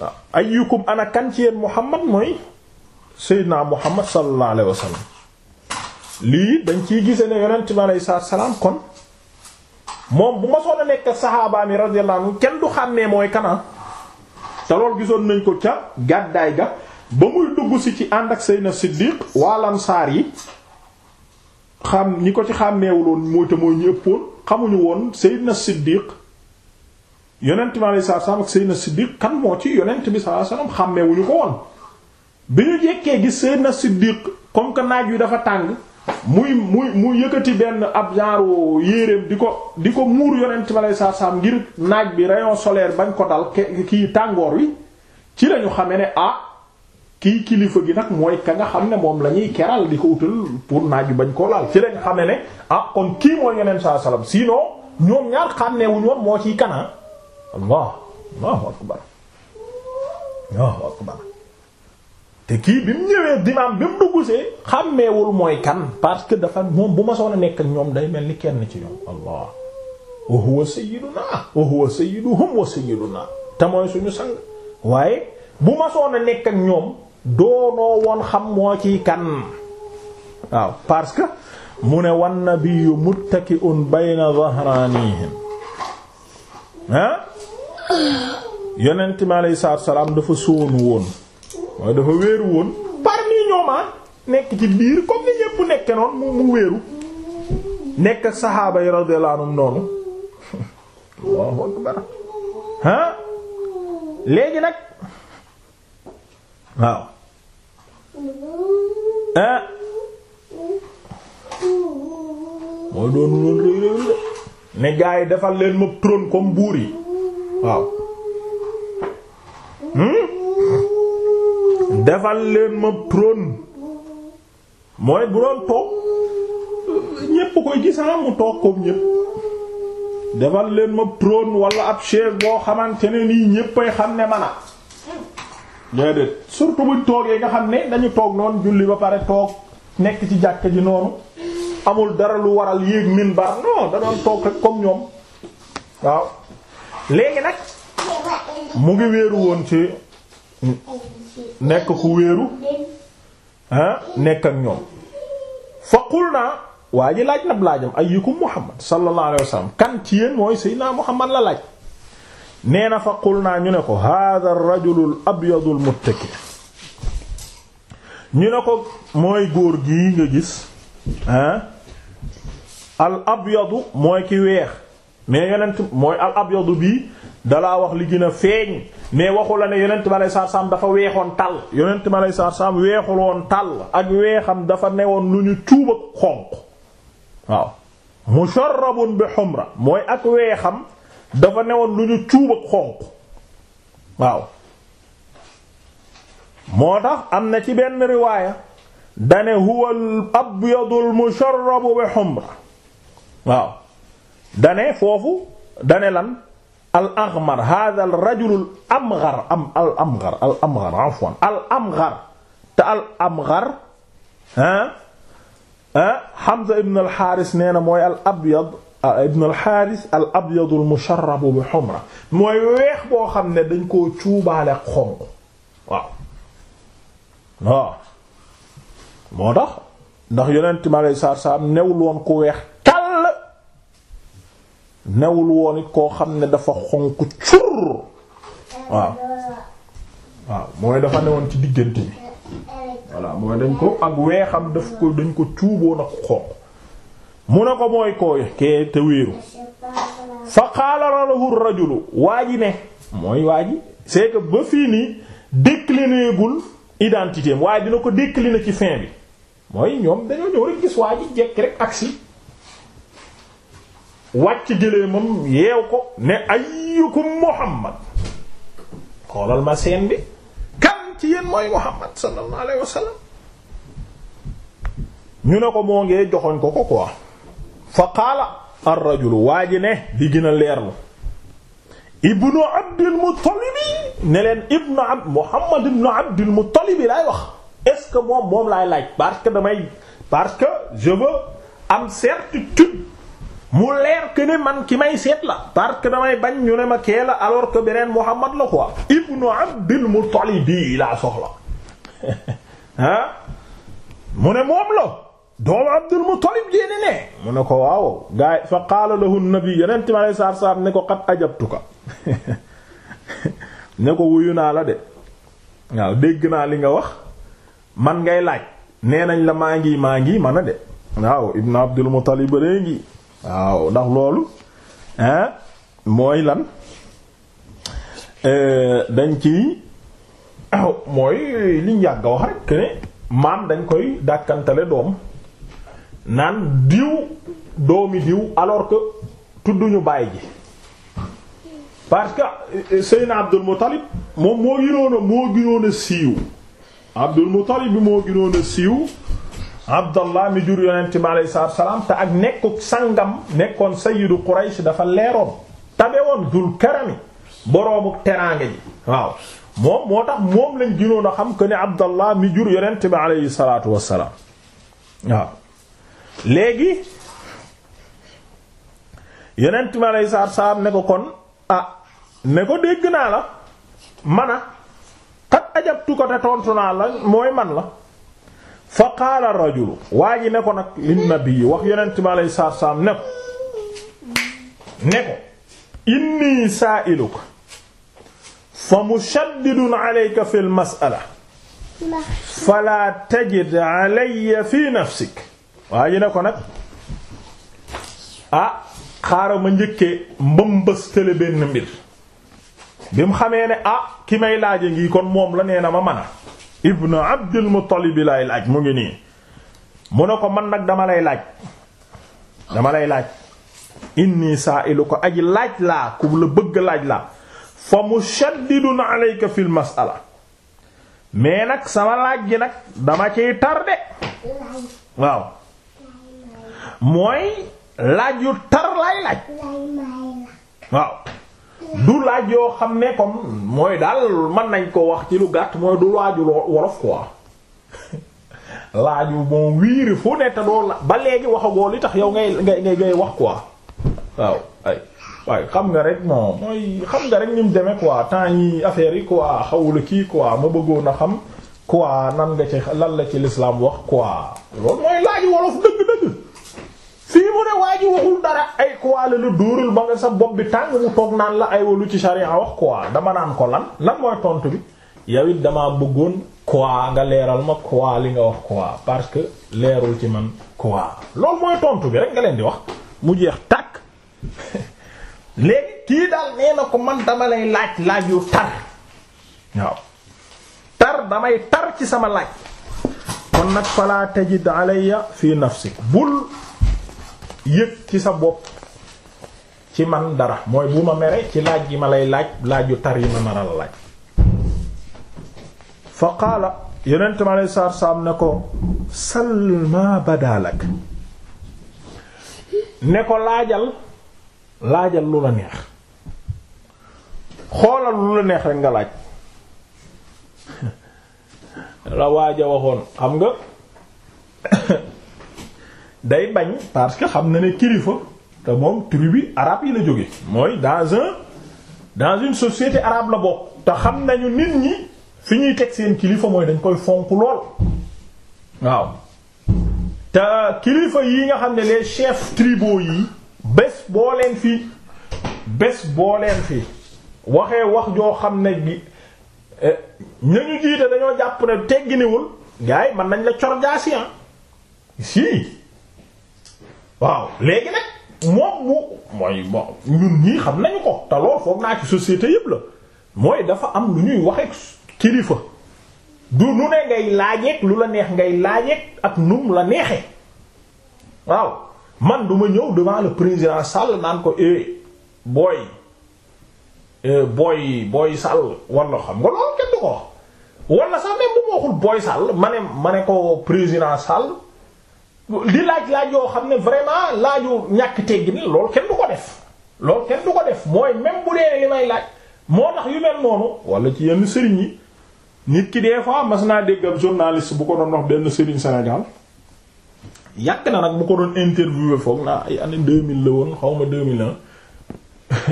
waaw ayyukum ana ci yéen Muhammad mooy Seydina Muhammad sallallahu alayhi lii dañ ciy gise ne yonent bi alayhi salaatu kon moom bu ma soon a nekk saxaaba kenn du xàmmee mooy kanam ah. te lool gisoon nañ ko ca gàddaay ga ba muy dugg si ci ànd ak Seydina Siddiq waa Ansaar yi xam ñi ko ci xàmmeewuloon mooy te mooy ñu ëppoon xamuñu woon Seydina Siddiq yonent bi alayhi salaam ak Seydina Siddiq kan moo ci yonent bi sallallahu alayhi wasallam xàmmeewuñu ko woon bi ñu jekkee gis Seydina Siddiq comme que naaj wi dafa tàng muy muy mu yëkkati benn ab genre yéeréem di ko di ko muur yonent bi alayhi salaam ngir naaj bi rayon solaire bañ ko dal kii tàngoor wi ci lañu xame ne ah kii kilifa gi nag mooy ka nga xam ne moom lañuy ñuy keral di ko utal pour naaj bi bañ koo laal ci lañ xam ne ne ah kon kii mooy yeneen saa salaam sinon ñoom ñaar xàmmee moo ciy kanam allah allahu akbar allahu akbar te kii bi mu ñëwee dimaam bi mu duggsee xàmmeewul mooy kan parce que dafa moom bu ma soon a nekk ak ñoom day mel ni kenn ci ñoom allah wa huwa sayyiduna wa huwa sayyiduhum wa sayyiduna te mooy suñu sang waaye bu ma soon a nekk ak ñoom doonoo woon xam moo ciy kan waaw parce que mu ne wan nabiyyu muttaki'un bayna dhahranihim ah yonent mi alayhi salaatu salaam dafa sóonu woon mooy dafa wéeru woon parmi ñooma ah, nekk ci biir comme ni ñépp nekke noonu mu wéeru nekk saxaaba yi radiyallahu noonu léegi nag waaw ah mooy doon loolu rëy rëy de gaa yi defal leen ma trône comme buur yi waaw hmm? defal leen ma trône mooy bu doon toog ñépp koy gis ah, mu toog comme ñépp defal leen ma trône wala ab chef boo xamante ne nii ñéppay xam ne mana déedéet surtout buñ toogee nga xam ne dañu toog noonu julli ba pare toog nekk ci jàkka ji noonu amul dara lu waral yéeg minbar non da doon toog rek comme ñoom waaw léegi nag mu ngi wéeru woon ci nekk ku wéeru ah nekk ak ñoom fa qul naa waa ji laaj nab laajam ayyukum muhammad sallallahu alayhi wasallam kan ci yéen mooy sayyidina muhammad la laaj nee na fa qul naa ñu ne ko hada rajulul abyadul muttaki ñu ne ko mooy góor gii nga gis ah al abyadu mooy ki weex mais yonent mooy al abyadu bii dalaa wax li gën a feeñ mais waxu la ne yonent ma lay saar dafa weexoon tàll ma lay saar saam weexul woon tàll ak weexam dafa newoon lu ñu cuub xonq waaw musharrabun bi humra mooy ak weexam dafa newoon lu ñu cuub ak xonq waaw am na ci benn riwaaya dane huwa al abyadul musharrabu bi humra waaw dane foofu dane lan al aghmar hadha al rajul al amghar am al amghar al amghar afwan al amghar te al amghar Hamza ibn al Haris nee na al abyad ibn al-Haaris al abyad al musharrab bi humra mooy weex boo xam ne dañ koo cuubaale ak xonq waaw waaw moo tax ndax yonent ma lay saar saar newul woon ku weex tàll newul woon it koo xam ne dafa xonq cur waaw waaw mooy dafa newoon ci diggante bi voilà mooy dañ ko ak weexam daf ko dañ ko cuuboon ak xonq mu ne ko mooy koo kee te wéeru fa qaala lahu rajulu waa ji ne mooy waa ji c'est ba fii nii décliné gul identité am waaye dina ko décliné ci fin bi mooy ñoom dañoo ñëw rek gis waa ji jekk rek agsi wàcc jëlee moom yeew ko ne ayyukum muhammad xoolal ma seen bi kan ci yéen mooy muhammad sallallahu alayhi wa ñu ne ko moo ngee joxoñ ko ko quoi fa qaala ar rajulu waa ji ne di gën a leerlu ibnu abdil muttalibi ne leen ibnu abd muhammad ibnu abdil muttalibi laay wax est-ce que moom moom laay laaj parce que damay parce que je veux am certitude mu leer que ne man ki may seet la parce que damay bañ ñu ne ma kee la alors que beneen muhammad la quoi ibnu abdil muttalibi laa soxla ah mu ne moom la doomu Abdul Muttalib jéene ne mu ne ko waaw gaa yi fa qaala lahu nabi yonent mi alayhi salaatu salaam ne ko qad ajabtuka ne ko wuyu naa la de waaw dégg naa li nga wax man ngay laaj nee nañ la maa ngi maa ngi man a de waaw ibnu Abdul Muttalib ree ngi waaw ndax loolu hein mooy lan euh, dañ ci mooy liñ yàgg a wax rek ne maam dañ koy dàkkantale doom naan diw doomi diw alors que tudduñu baay ji parce que euh, Seydina Abdul Muttalib moom moo gënoon moo gënoon siiw Abdul bi moo gënoon siiw Abdallah mi jur yonent bi aleyhi salaatu salaam te ak nekku sangam nekkoon sayyidu Quraysh dafa leeroon tabewoon dul karami boroomu teraange ji waaw moom moo tax moom lañ gënoon xam que ne Abdallah mi jur yonent bi aleyhi salaatu wassalaam waaw léegi yeneen mi aleyi saatu salaam ne ko kon ah ne ko dégg naa la mana xat ajabtu ko te tontu naa la mooy man la fa qaala rajulu waa ji ne ko nag lin nabi wax yonent bi aleyi saatu salaam ne ko ne ko inni sa'iluka fa mushaddidun alayka fil mas'ala fala tajid alayya fi nafsik waa ji ne ko nag a ah, xaaral ma njëkkee mbëmbëstale benn mbir bi mu xamee ne ah ki may laaja ngi kon moom la nee na ma man a ibnu abdul muttalib laay laaj mu ngi nii mu ne ko man nag dama lay laaj dama lay laaj inni saailu ko aji laaj laa ku la bëgg laaj laa fa mushaddidun alayka fil mas'ala mais nag sama laaj gi nag dama ciy tardé waaw mooy laaj yu tar laay laaj waaw du laaj yoo xam ne comme mooy daal man nañ ko wax ci lu gàtt mooy du laaju wolof quoi laaju moom wiiri fu ne te doo la ba léegi waxagoo li tax yow ngay ngay ngay wax quoi waaw ay waaye xam nga rek moom mooy xam nga rek ni mu demee quoi temps yi affaire yi quoi xawula kii quoi ma bëggoon a xam quoi nan nga ci lan la ci lislaam wax quoi loolu mooy laaju wolof dëgg-dëgg fii mu ne waa waxul dara ay quoi la la sa bopp bi tàng mu toog naan la ay walu ci sharia wax quoi dama naan ko lan lan mooy tontu bi yow it bëggoon quoi nga leeral ma quoi li nga wax quoi parce que leerul ci man quoi loolu mooy tontu bi rek nga leen di wax mu jeex tàkk léegi kii daal nee na ko man dama lay laaj laaj yu tar waaw tar damay tar ci sama laaj kon nag fala tajid alayya fi nafsik bul yëg ci sa bopp ci man dara mooy bu ma mere ci laaj yi ma lay laaj laaju tar yi ma mën a la laaj fa qaala yeneen ma lay saar saam ne ko salma badaalak ne ko laajal laajal lu la neex xoolal lu la neex rek nga laaj la waaja waxoon xam nga day bañ parce que xam na ne kilifa te moom tribu arabe yi la jóge mooy dans un dans une société arabe la bokk te xam nañu nit ñi fi ñuy teg seen kilifa mooy dañ koy fonk lool waaw te kilifa yi nga xam ne les chef tribo yi bés boo leen fi bés boo leen fi waxee wax joo xam ne gi eh, ñañu jiite dañoo jàpp ne tegginiwul gars yi mën nañ la cor jaasi ah. si waaw léegi nag moom mu mooy bon ñun ñii xam nañu ko te lool foog naa ci société yëpp la mooy dafa am lu ñuy wax kilifa du nu ne ngay laajeeg lu la neex ngay laajeeg ak num la neexee waaw man du ma ñëw devant le président Sall naan ko eh, booy eh, booy booy Sall wala xam nga loolu kenn du ko wax wala sax même bu ma waxul booy Sall ma ne ma ne ko président Sall. di laaj laaj yoo xam ne vraiment laaju ñàkk teggin loolu kenn du ko def loolu kenn du ko def mooy même bu dee li may laaj moo tax yu mel noonu wala ci yenn sëriñ nit ki des fois mas naa dégg ab journaliste bu ko doon wax na nag bu ko doon interviewé foog woon xaw ma 2001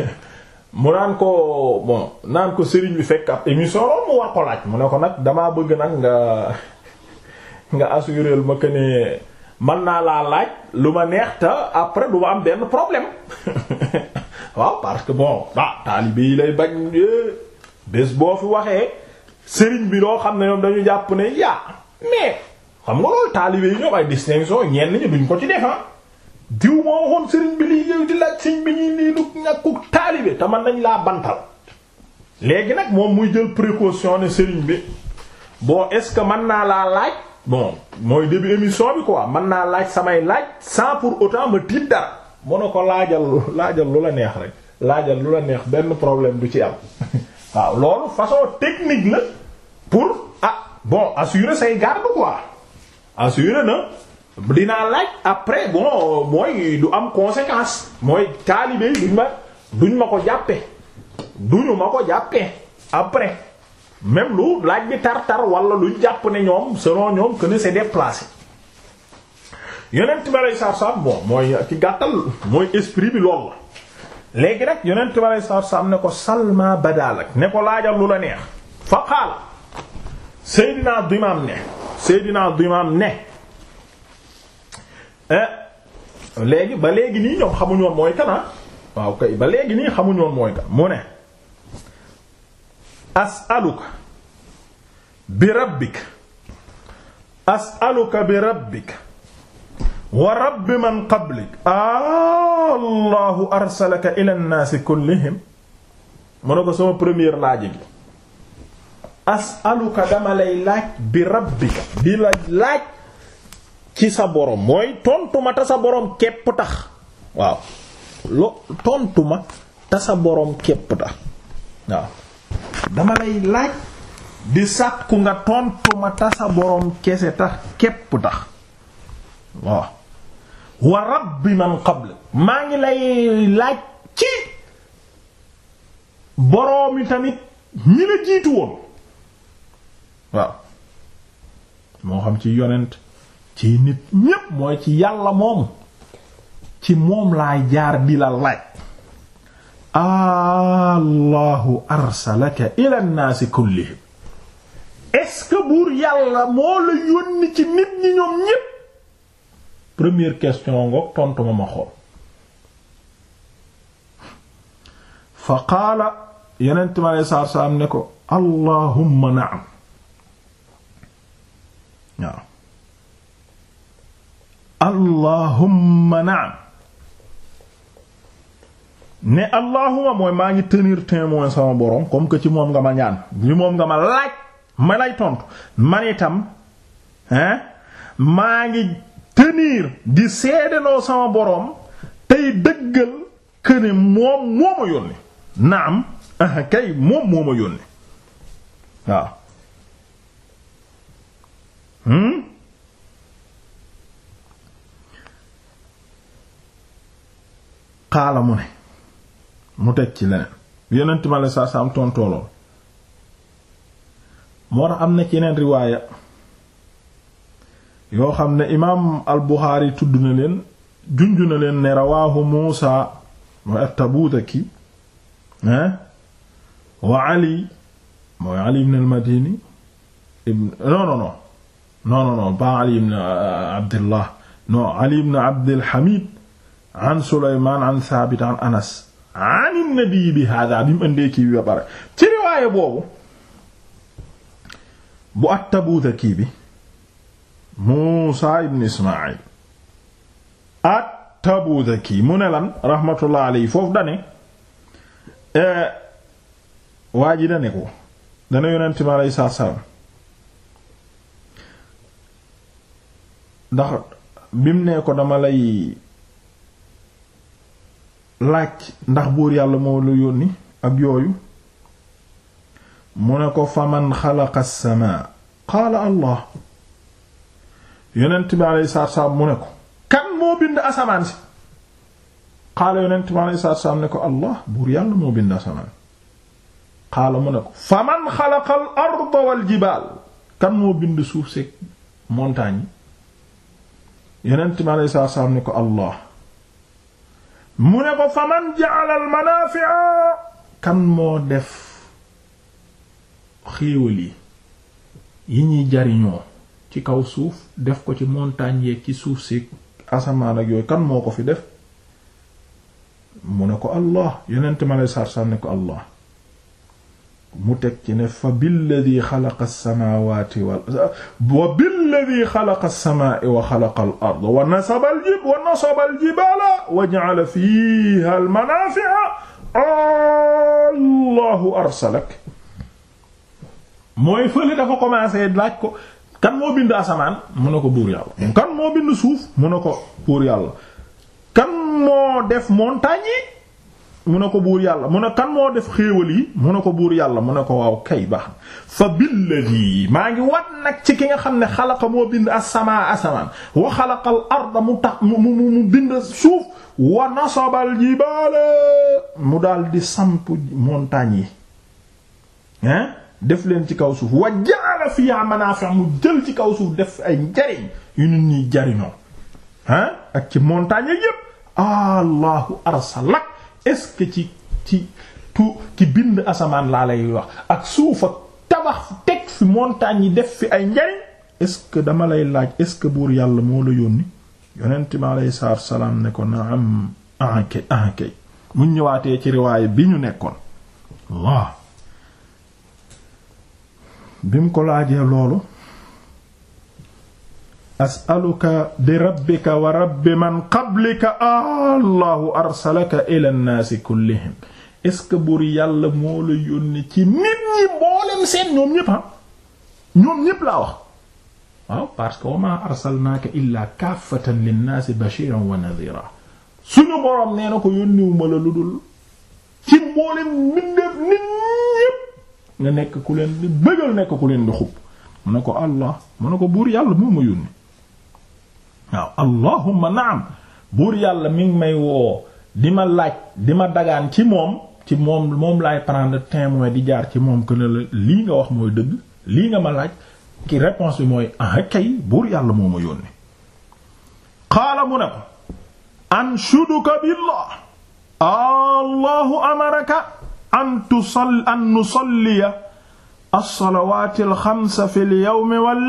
mu ko naan ko sëriñ bi fekk ko laaj mu ne ko nag damaa bëgg nag nga nga assuré ma que man naa laa laaj lu ma neex te après du ma am benn problème waaw parce que bon ah taalibe yi lay bañ eh, bés boo fi waxee sëriñ bi loo xam ne ñoom dañu jàpp ne yaa mais xam nga loolu taalibe yi ñoom ay distinction ñenn ñi duñ ko ci def ah. diw moo waxoon sëriñ bi lii yow di laaj sëriñ bi ñuy nii lu ñàkkug taalibe te man nañ laa bantal léegi nag moom muy jël précaution ne sëriñ bi bon est-ce que mën naa laa laaj. bon mooy début émission bi quoi mën naa laaj samay laaj sans pour autant ba tiit dara mu ne ko laajal laajal lu la neex rek laajal lu la neex benn problème du ci am waaw loolu façon technique la pour ah bon assurer say garde quoi assurer na dinaa laaj après bon mooy du am conséquence mooy taalibe duñ ma duñ ma ko jàppe duñu ma ko jàppe après même lu laaj bi tar-tar wala lu jàpp ne ñoom selon ñoom que ne c'est déplacé yonent bi aleyhi salaatu mooy ci gàttal mooy esprit bi loolu la léegi rek yonent bi aleyhi salaatu salaam ne ko salma badalak ne ko laajal lu la neex fa qaala Seydina Dimaam ne Seydina Dimaam ne eh, léegi ba léegi nii ñoom xamuñoon mooy kan ah? waaw kay ba léegi nii xamuñoon mooy kan mu ne as'aluka bi rabbika as'aluka bi rabbika wa man qablik allahu arsalaka ila nnaasi kullihim mu ne ko sama première laaj gi as'aluka dama lay laaj bi rabbika di la laaj ci sa borom mooy tontuma te sa borom képp tax waaw lo tontuma te sa borom képp tax waaw dama lay laaj di sàkku nga tontu ma tasa boroom kese tax képp tax waaw wa rabbi man qabl maa ngi lay laaj ci boroom yi tamit ñi la jiitu woon waaw moo xam ci yonent ci nit ñépp mooy ci yàlla moom ci moom laay jaar di la laaj allahu arsalaka ila nnaasi kullihim est-ce que buur yàlla moo la ñoom ñépp première question ma xool fa qaala yenent mi alei saatu ne allahuma mooy maa ngi tenir témoin sama borom comme que ci moom nga ma ñaan li moom nga ma laaj ma lay tontu man itam hein maa ngi tenir di seedeloo sama borom tey dëggal que moom moo ma yónni naam kay moom moo ma yónni waaw hmm xaala ne mu teg ci leneen yonent ma la saa saa am tontoolool moo tax am na ci yeneen riwaaya yoo xam ne imaam al Buxaari tudd na leen junj na leen ne rawaahu Muusa mooy at-Tabuudaki hein wa Ali mooy Ali ibn al-Madini ibn non non non non non Ali ibn euh, Abdullah non Ali ibn Abdul Hamid an Sulaymaan an Saabit an Anas an nabi bi hada bi mu ëndee ba pare ci riwaaye boobu bu at-Tabuuta kii bi Muusa ibn Ismaayil at-Tabuuta kii mu ne lan foofu dane eh, waa ji ko dana yonent mi alayhi salaatu salaam ndax ko dama lay laaj ndax buur yàlla moo la yónni ak yooyu mu ne ko faman xalaqa as-samaa qaala allah yonent bi alayhi salaatu salaam mu ne ko kan moo bind asamaan si qaala yonent bi alayhi salaatu salaam ne ko allah buur yàlla moo bind asamaan qaala mu ne ko faman xalaqa al arda wal jibaal kan moo bind suuf si montagne yi yonent bi alayhi salaatu salaam ne ko allah mu ne ko faman ja'ala al manafi'a kan moo def xéewal yi yi ñuy jariñoo ci kaw suuf def ko ci montagne yeeg ci suuf si asamaan ak yooyu kan moo ko fi def mu ne ko allah yeneen ma lay saar ne ko allah mu teg ci ne fa billadi xalaqa as-samawati wal wa bil alladi xalaqa as-samaa'a wa xalaqa al-arda wa nasaba al-jib wa nasaba al-jibaala wa ja'ala fiihaa al-manaafi'a allahu arsalak mooy fële dafa commencé laaj ko kan moo bind asamaan mu ne ko buur yàlla kan moo bind suuf mu ne ko buur yàlla kan moo def montagne mu ne ko buur yàlla mu ne kan moo def xéewal yi mu ne ko buur yàlla mu ne ko waaw kay baax fa billadi maa ngi wat nag ci ki nga xam ne xalaqa moo bind a samaa asamaan wa xalaqa arda mu tax mu mu mu bind suuf wa nasabal jibaala mu daal di samp montagnes yi hein def leen ci kaw suuf wa ja'ala fiha manaafi' mu jël ci kaw suuf def ay njariñ yu nit ñi jariñoo hein ak ci montagnes yépp allahu arsalak est ci ci tu ci bind asamaan laa lay wax ak suufa ak tabax teg fi montagne yi def fi ay njariñ est-ce dama lay laaj est-ce que buur yàlla moo la yónni yonent mi aleyhi salaatu salaam ne ko naam ankay ah, ankay ah, mu ñëwaatee ci riwaaya bi ñu nekkoon waaw bi mu ko laajee loolu as'aluka bi rabbika man qablika allahu arsalaka ila nnaasi kullihim est-ce que buur yàlla moo la ci nit ñi mboolem ñoom ñépp ah wax waaw parce que wa maa arsalnaaka illaa kaafatan linnaasi bashiran wa nadhira suñu boroom nee na lu dul ci mboolem mbindeef nit ñépp nga nekk ku leen di bëggal nekk ku leen xub mu ne ko allah mu ne ko buur yàlla moo waaw allahumma naam buur yàlla mi ngi may woo di ma laaj di ma dagaan ci moom ci moom moom laay prendre témoin di jaar ci moom que ne la lii nga wax mooy dëgg lii nga ma laaj ki réponse bi mooy ah kay buur yàlla moo ma yónni qaala mu ne ko anshuduka billah allahu amaraka an tusalli an nusalliya as-salawaati al-xamsa fi al-yawmi wal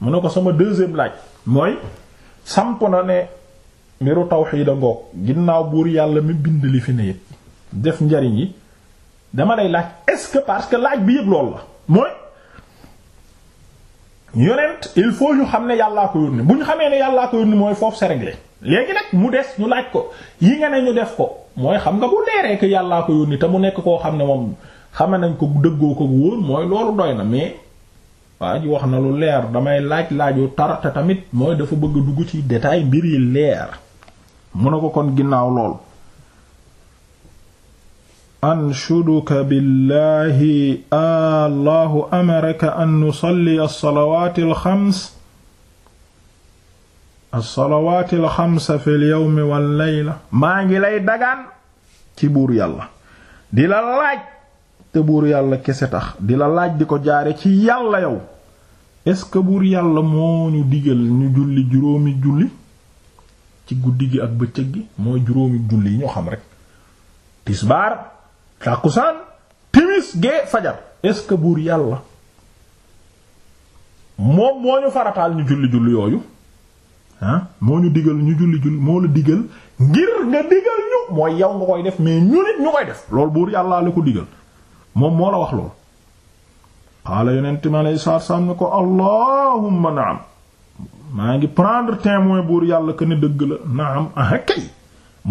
mu ne ko sama deuxième laaj mooy samp na ne mbiru tawxiid a ngoog ginnaaw buur yàlla mi bind li fi ne yëpp def njariñ yi dama lay laaj est-ce que parce que laaj bi yëpp loolu la mooy yonent il faut ñu xam ne yàllaa ko yónni bu ñu xamee ne yàllaa ko yónni mooy foofu c'est réglé léegi mu des ñu laaj ko yi nga ne ñu def ko mooy xam nga bu leeree que yàllaa ko yónni te mu nekk koo xam ne moom xame nañ ko dëggoo ko wóor mooy loolu doy na mais waa ji wax na lu leer damay laaj laaj yu tar tamit mooy dafa bëgg dugg ci détail mbir leer mu ne ko kon ginnaaw lool anshuduka billahi allahu amaraka an nusalli alsalawaati alxams alsalawaati alxamsa fi lyowmi wallayla maa ngi lay dagaan ci buur yàlla di la laaj te buur yàlla kese tax di la laaj di ko jaare ci yàlla yow est-ce que buur yàlla moo ñu digal ñu julli juróomi julli ci guddi gi ak bëccëg gi mooy juróomi julli yi ñu xam rek tisbaar tàkkusaan timis gee fajar est-ce que buur yàlla moom moo ñu farataal ñu julli julli yooyu ah moo ñu digal ñu julli julli moo la digal ngir nga digal ñu mooy yow nga koy def mais ñu nit ñu koy def loolu buur yàlla la ko digal moom moo la wax lool xaala yonent mi aleyi salaatu salaam ne ko allahumma naam maa ngi prendre témoin buur yàlla que ne dëgg la naam ah kay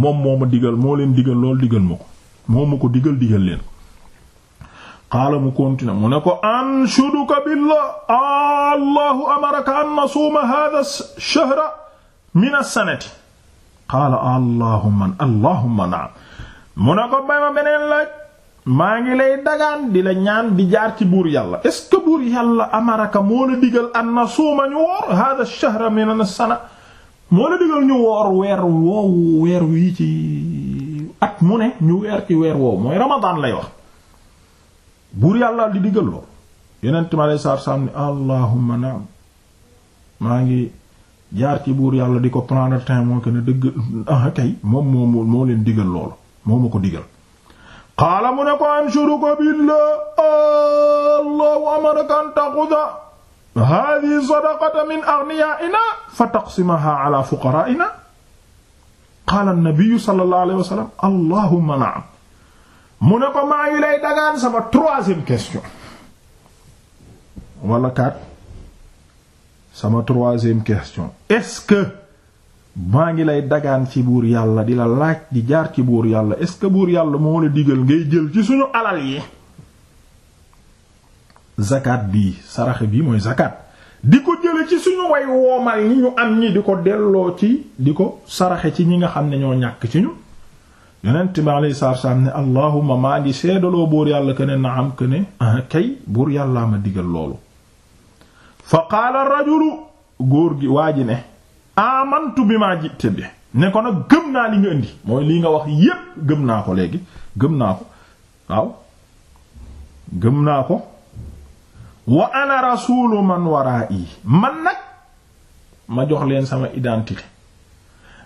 moom moo ma digal moo leen digal lool digal ma ko moo ma ko digal digal leen xaala mu continue mu ne ko anshuduka billah allahu amaraka an nasuuma hadha shahra allahumma naam mu ko ba ma beneen laaj maa ngi lay dagaan di la ñaan di jaar ci buur yàlla est-ce que buur yàlla amaraka moo la digal an na suuma ñu woor hada shahra min sana moo la digal ñu woor weer woowu weer wi ci ak mu ne ñu weer ci weer woowu mooy ramadan lay wax buur yàlla di digal lool yeneen ma allahumma naam maa ngi jaar ci buur yàlla di ko prendre temps moo ko ne dëgg ah kay moom moo moo leen digal loolu moo ma ko digal qaala mu ne ko anshuruka billah allahu amaraka an taxuda hadihi sadaqata min aghniyaina fa taqsimaha ala fuqaraina qaala annabiu sallallahu alayhi wa sallam allahumma na'am mu ne ko maa ngi lay dagaan sama troisième question wala kat sama troisième question est-ce que maa ngi lay dagaan ci buur yàlla di la laaj di jaar ci buur yàlla est-ce que buur yàlla moo la digal ngay jël ci suñu alal yi zakat bii saraxe bii mooy zakat di ko jële ci suñu way woomal ñi ñu am ñi di ko delloo ci di ko saraxe ci ñi nga xam ne ñoo ñàkk ci ñu yonent bi alayhi salaatu salaam ne allahuma maa ngi seedaloo buur yàlla que ne am que ne ah, kay buur yàlla ma digal loolu fa qaala rajulu góor gi waa ji ne amantu bi maa jiite bi ne ko nag gëm naa li nga indi mooy lii nga wax yépp gëm naa ko léegi gëm naa ko waaw gëm naa ko wa ana rasulu man wara'i man nag ma jox leen sama identité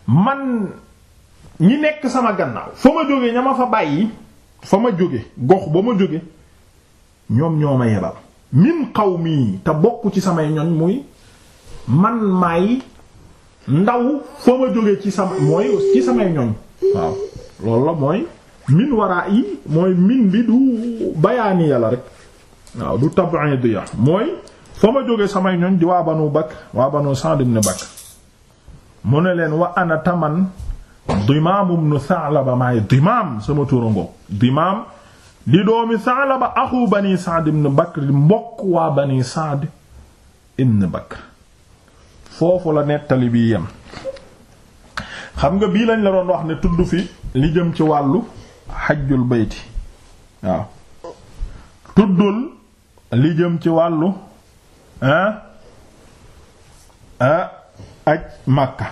man ñi nekk sama gannaaw fa ma jóge ña fa bàyyi fa ma jóge gox ba ma jóge ñoom ñoo ma yebal xaw qawmi te bokk ci samay ñoñ muy man maay ndaw fa ma jóge ci sama mooy ci samay ñoñ waaw loolu la mooy min waraa yi mooy min bi du bayaani yàlla rek waaw du tabin du ya mooy fa ma jóge samay ñoñ di waa banu bakk waa banu Sa'd ibn Bakr ne leen wa ana taman dimaam ibn sama turango dimaam di doomi Sa'laba mbokk waa bani Sa'd ibn Bakr foofu la nettali bi yem xam nga bii lañ la doon wax ne tudd fi li jëm ci wàllu xajjul bayti waaw li jëm ci wàllu ah aj Makka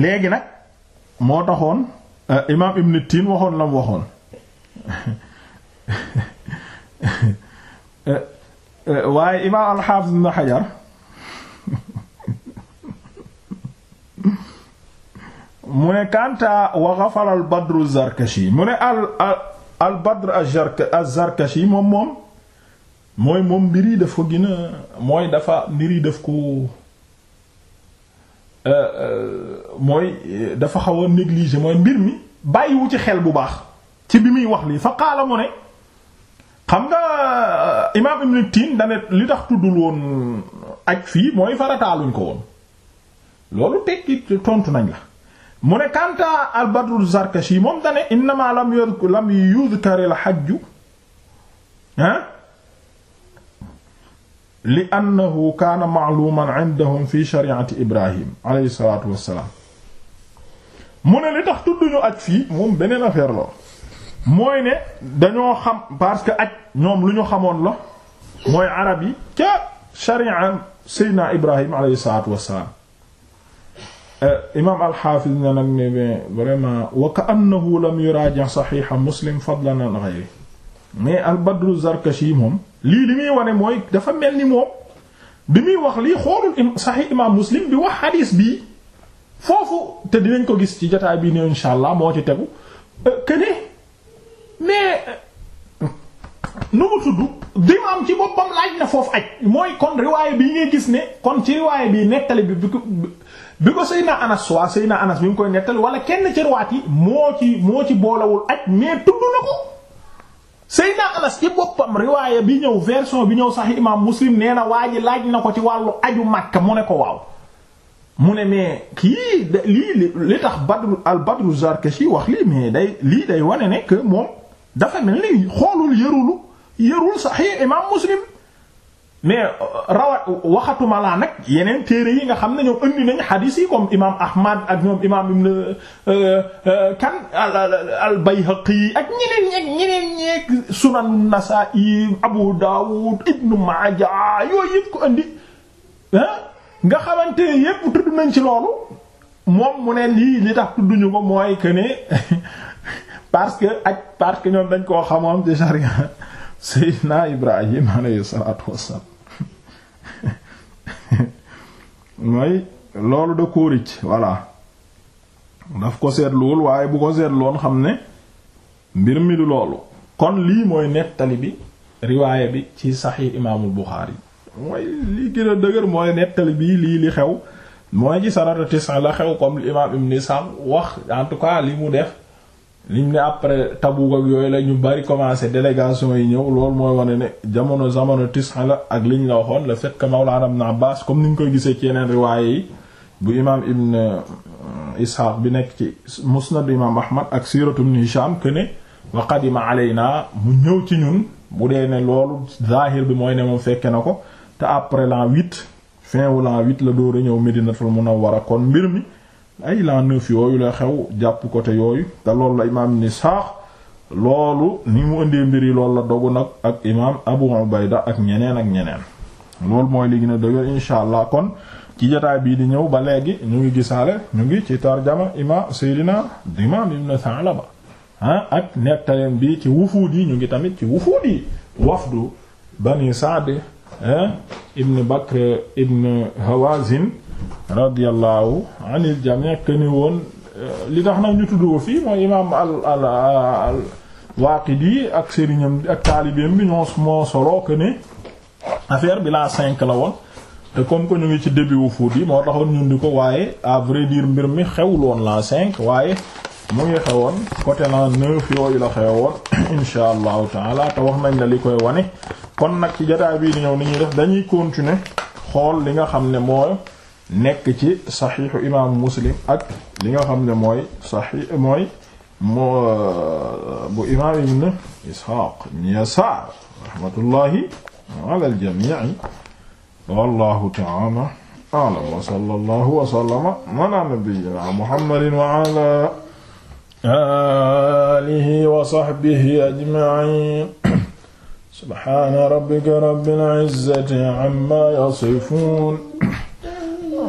léegi nag moo taxoon eh, imaam Ibn Tin waxoon la mu waxoon eh, Eh, waaye imaam alxaafis ibn xajar mu ne kanta wa ghafala al badru al zarkashi moom moom mooy moom mbir yi daf ko gën mooy dafa mbir yi def ko eh, eh, mooy dafa xawa a mooy mbir mi bàyyiwu ci xel bu baax ci bi muy wax lii fa qaala mu ne xam nga euh, imaam Ibn Tin dane li tax tuddul woon aj fii mooy farataaluñ ko woon loolu tekki tontu nañ la mu ne kanta al badru Zarkashi moom dane innama lam yudhkar lam yudhkar al hajj ah li annahu kaana ma'luman 'indahum li tax tudduñu aj fii moom beneen affaire la mooy ne dañoo xam parce que aj ñoom lu ñu xamoon la mooy arab yi ca shari'a seydina ibrahim alayhi salaatu wassalaam euh, imaam alxaafiz na nag ne vraiment wa kaannahu lam yuraaji mais al badru moom lii li mooy dafa mel ni bi muy wax lii xoolul saxiix imaam muslim bi wax xadiis bii foofu te dinañ ko gis ci jotaay bii ne insha allah moo ci tegu këne euh, mais nu mu tudd dimaam ci boppam laaj na foofu aj mooy kon riwaay bi ngay gis ne kon ci riwaay bi nettali bi bi ko bi ko Seydina Anas waa Seydina Anas bi nga koy nettali wala kenn ci riwaat yi moo ci moo ci boolewul aj mais tudd na ko Seydina Anas ci boppam riwaaya bi ñëw version bi ñëw sax imaam Muslim nee na waa ji laaj na ko ci wàllu aju Makka mu ne ko waaw mu ne mais kii lii li tax Badru al Badru Zarkashi wax lii mais day lii day wane ne que dafa mel ni xoolul yërulu yërul saxiix imaam muslim mais euh, rawat waxatuma laa nag yeneen téere yi nga xam ne ñoom indi nañ xadiis imaam ahmad ak ñoom imaam ibn euh, euh, kan al bayhaqi ak ñeneen ñeeg ñeneen ñeeg sunan nasa'i abu dawud ibnu maaja yooyu yëpp ko indi nga xamante yëpp tudd nañ ci loolu moom mu ne lii li tax tudduñu ko mooy que parce que ak parce que ñoom dañ koo xamoon ci sharia Seydina Ibrahim alayhi salaatu wassalaam mooy loolu da koo rëcc voilà daf ko seetluwul waaye bu ko seetloon xam ne mbir mi du loolu kon lii mooy nettali bi riwaaya bi ci saxiix imaamul Buxaari mooy lii gën a dëgër mooy nettali bi lii li xew mooy ci sanata tisan la xew comme imaam Ibn Sa'd wax en li mu def liñ ne après Tabuk ak yooyu la ñu bari commencé délégation yi ñëw loolu mooy wane ne jamono jamono tis'a la ak liñ la waxoon le fait que Mawlana na Abbas comme niñ koy gisee ci yeneen riwaaye yi bu imaam Ibn euh, Ishaq bi nekk ci musnad imaam Ahmad ak siiratu Ibn Hisham que yi wa qadima naa mu ñëw ci ñun bu dee ne loolu zahir bi mooy ne moom fekke na ko te après l'an huit fin wu l'an huit la door a ñëw Medinatul Munawwara kon mbir mi. ay la yooyu la xew jàpp côté yooyu te loolu la imaam ni saax loolu ni mu indee mbir yi loolu la dogu nag ak imaam Abu Ubayda ak ñeneen ak ñeneen loolu mooy li gën a dëgër insha allah kon ci jotaay bii di ñëw ba léegi ñu ngi gisaale ñu ngi ci tarjama imaam Seydina Dimaam ibn Sa'laba ak nettaleen bi ci wufuud yi ñu ngi tamit ci wufuud yi wafdu Bani Sa'd ibn Bakr ibn Hawazin radiyallahu anil jami' que ni woon euh, li tax nag ñu tudd ko fii mooy imaam al al al Waaqidi ak sëriñam ak taalibeem bi ñoo moo solo que ne bi la cinq la woon te comme que ñu ngi ci début wu fuut yi moo taxoon ñun di ko waaye à vrai mbir mi xewul woon la cinq waaye mu ngi xewoon côté la neuf yooyu la xewoon insha allahu taala wax nañ li koy wane kon nag ci jotaay bii di ñëw ni ñuy def dañuy continuer xool li nga xam ne mooy. nekk ci saxiixu imaamu muslim ak li nga xam ne mooy saxiix mooy moo bu imaam ibn isxaaq ibn yasaar raxmatullahi ala aljamii wallahu taala alam wa sallallahu wa sallama ala nabiyyina muhammadin wa ala alihi wa sahbihi ajma'in subhana rabbika rabbil izzati amma yasifun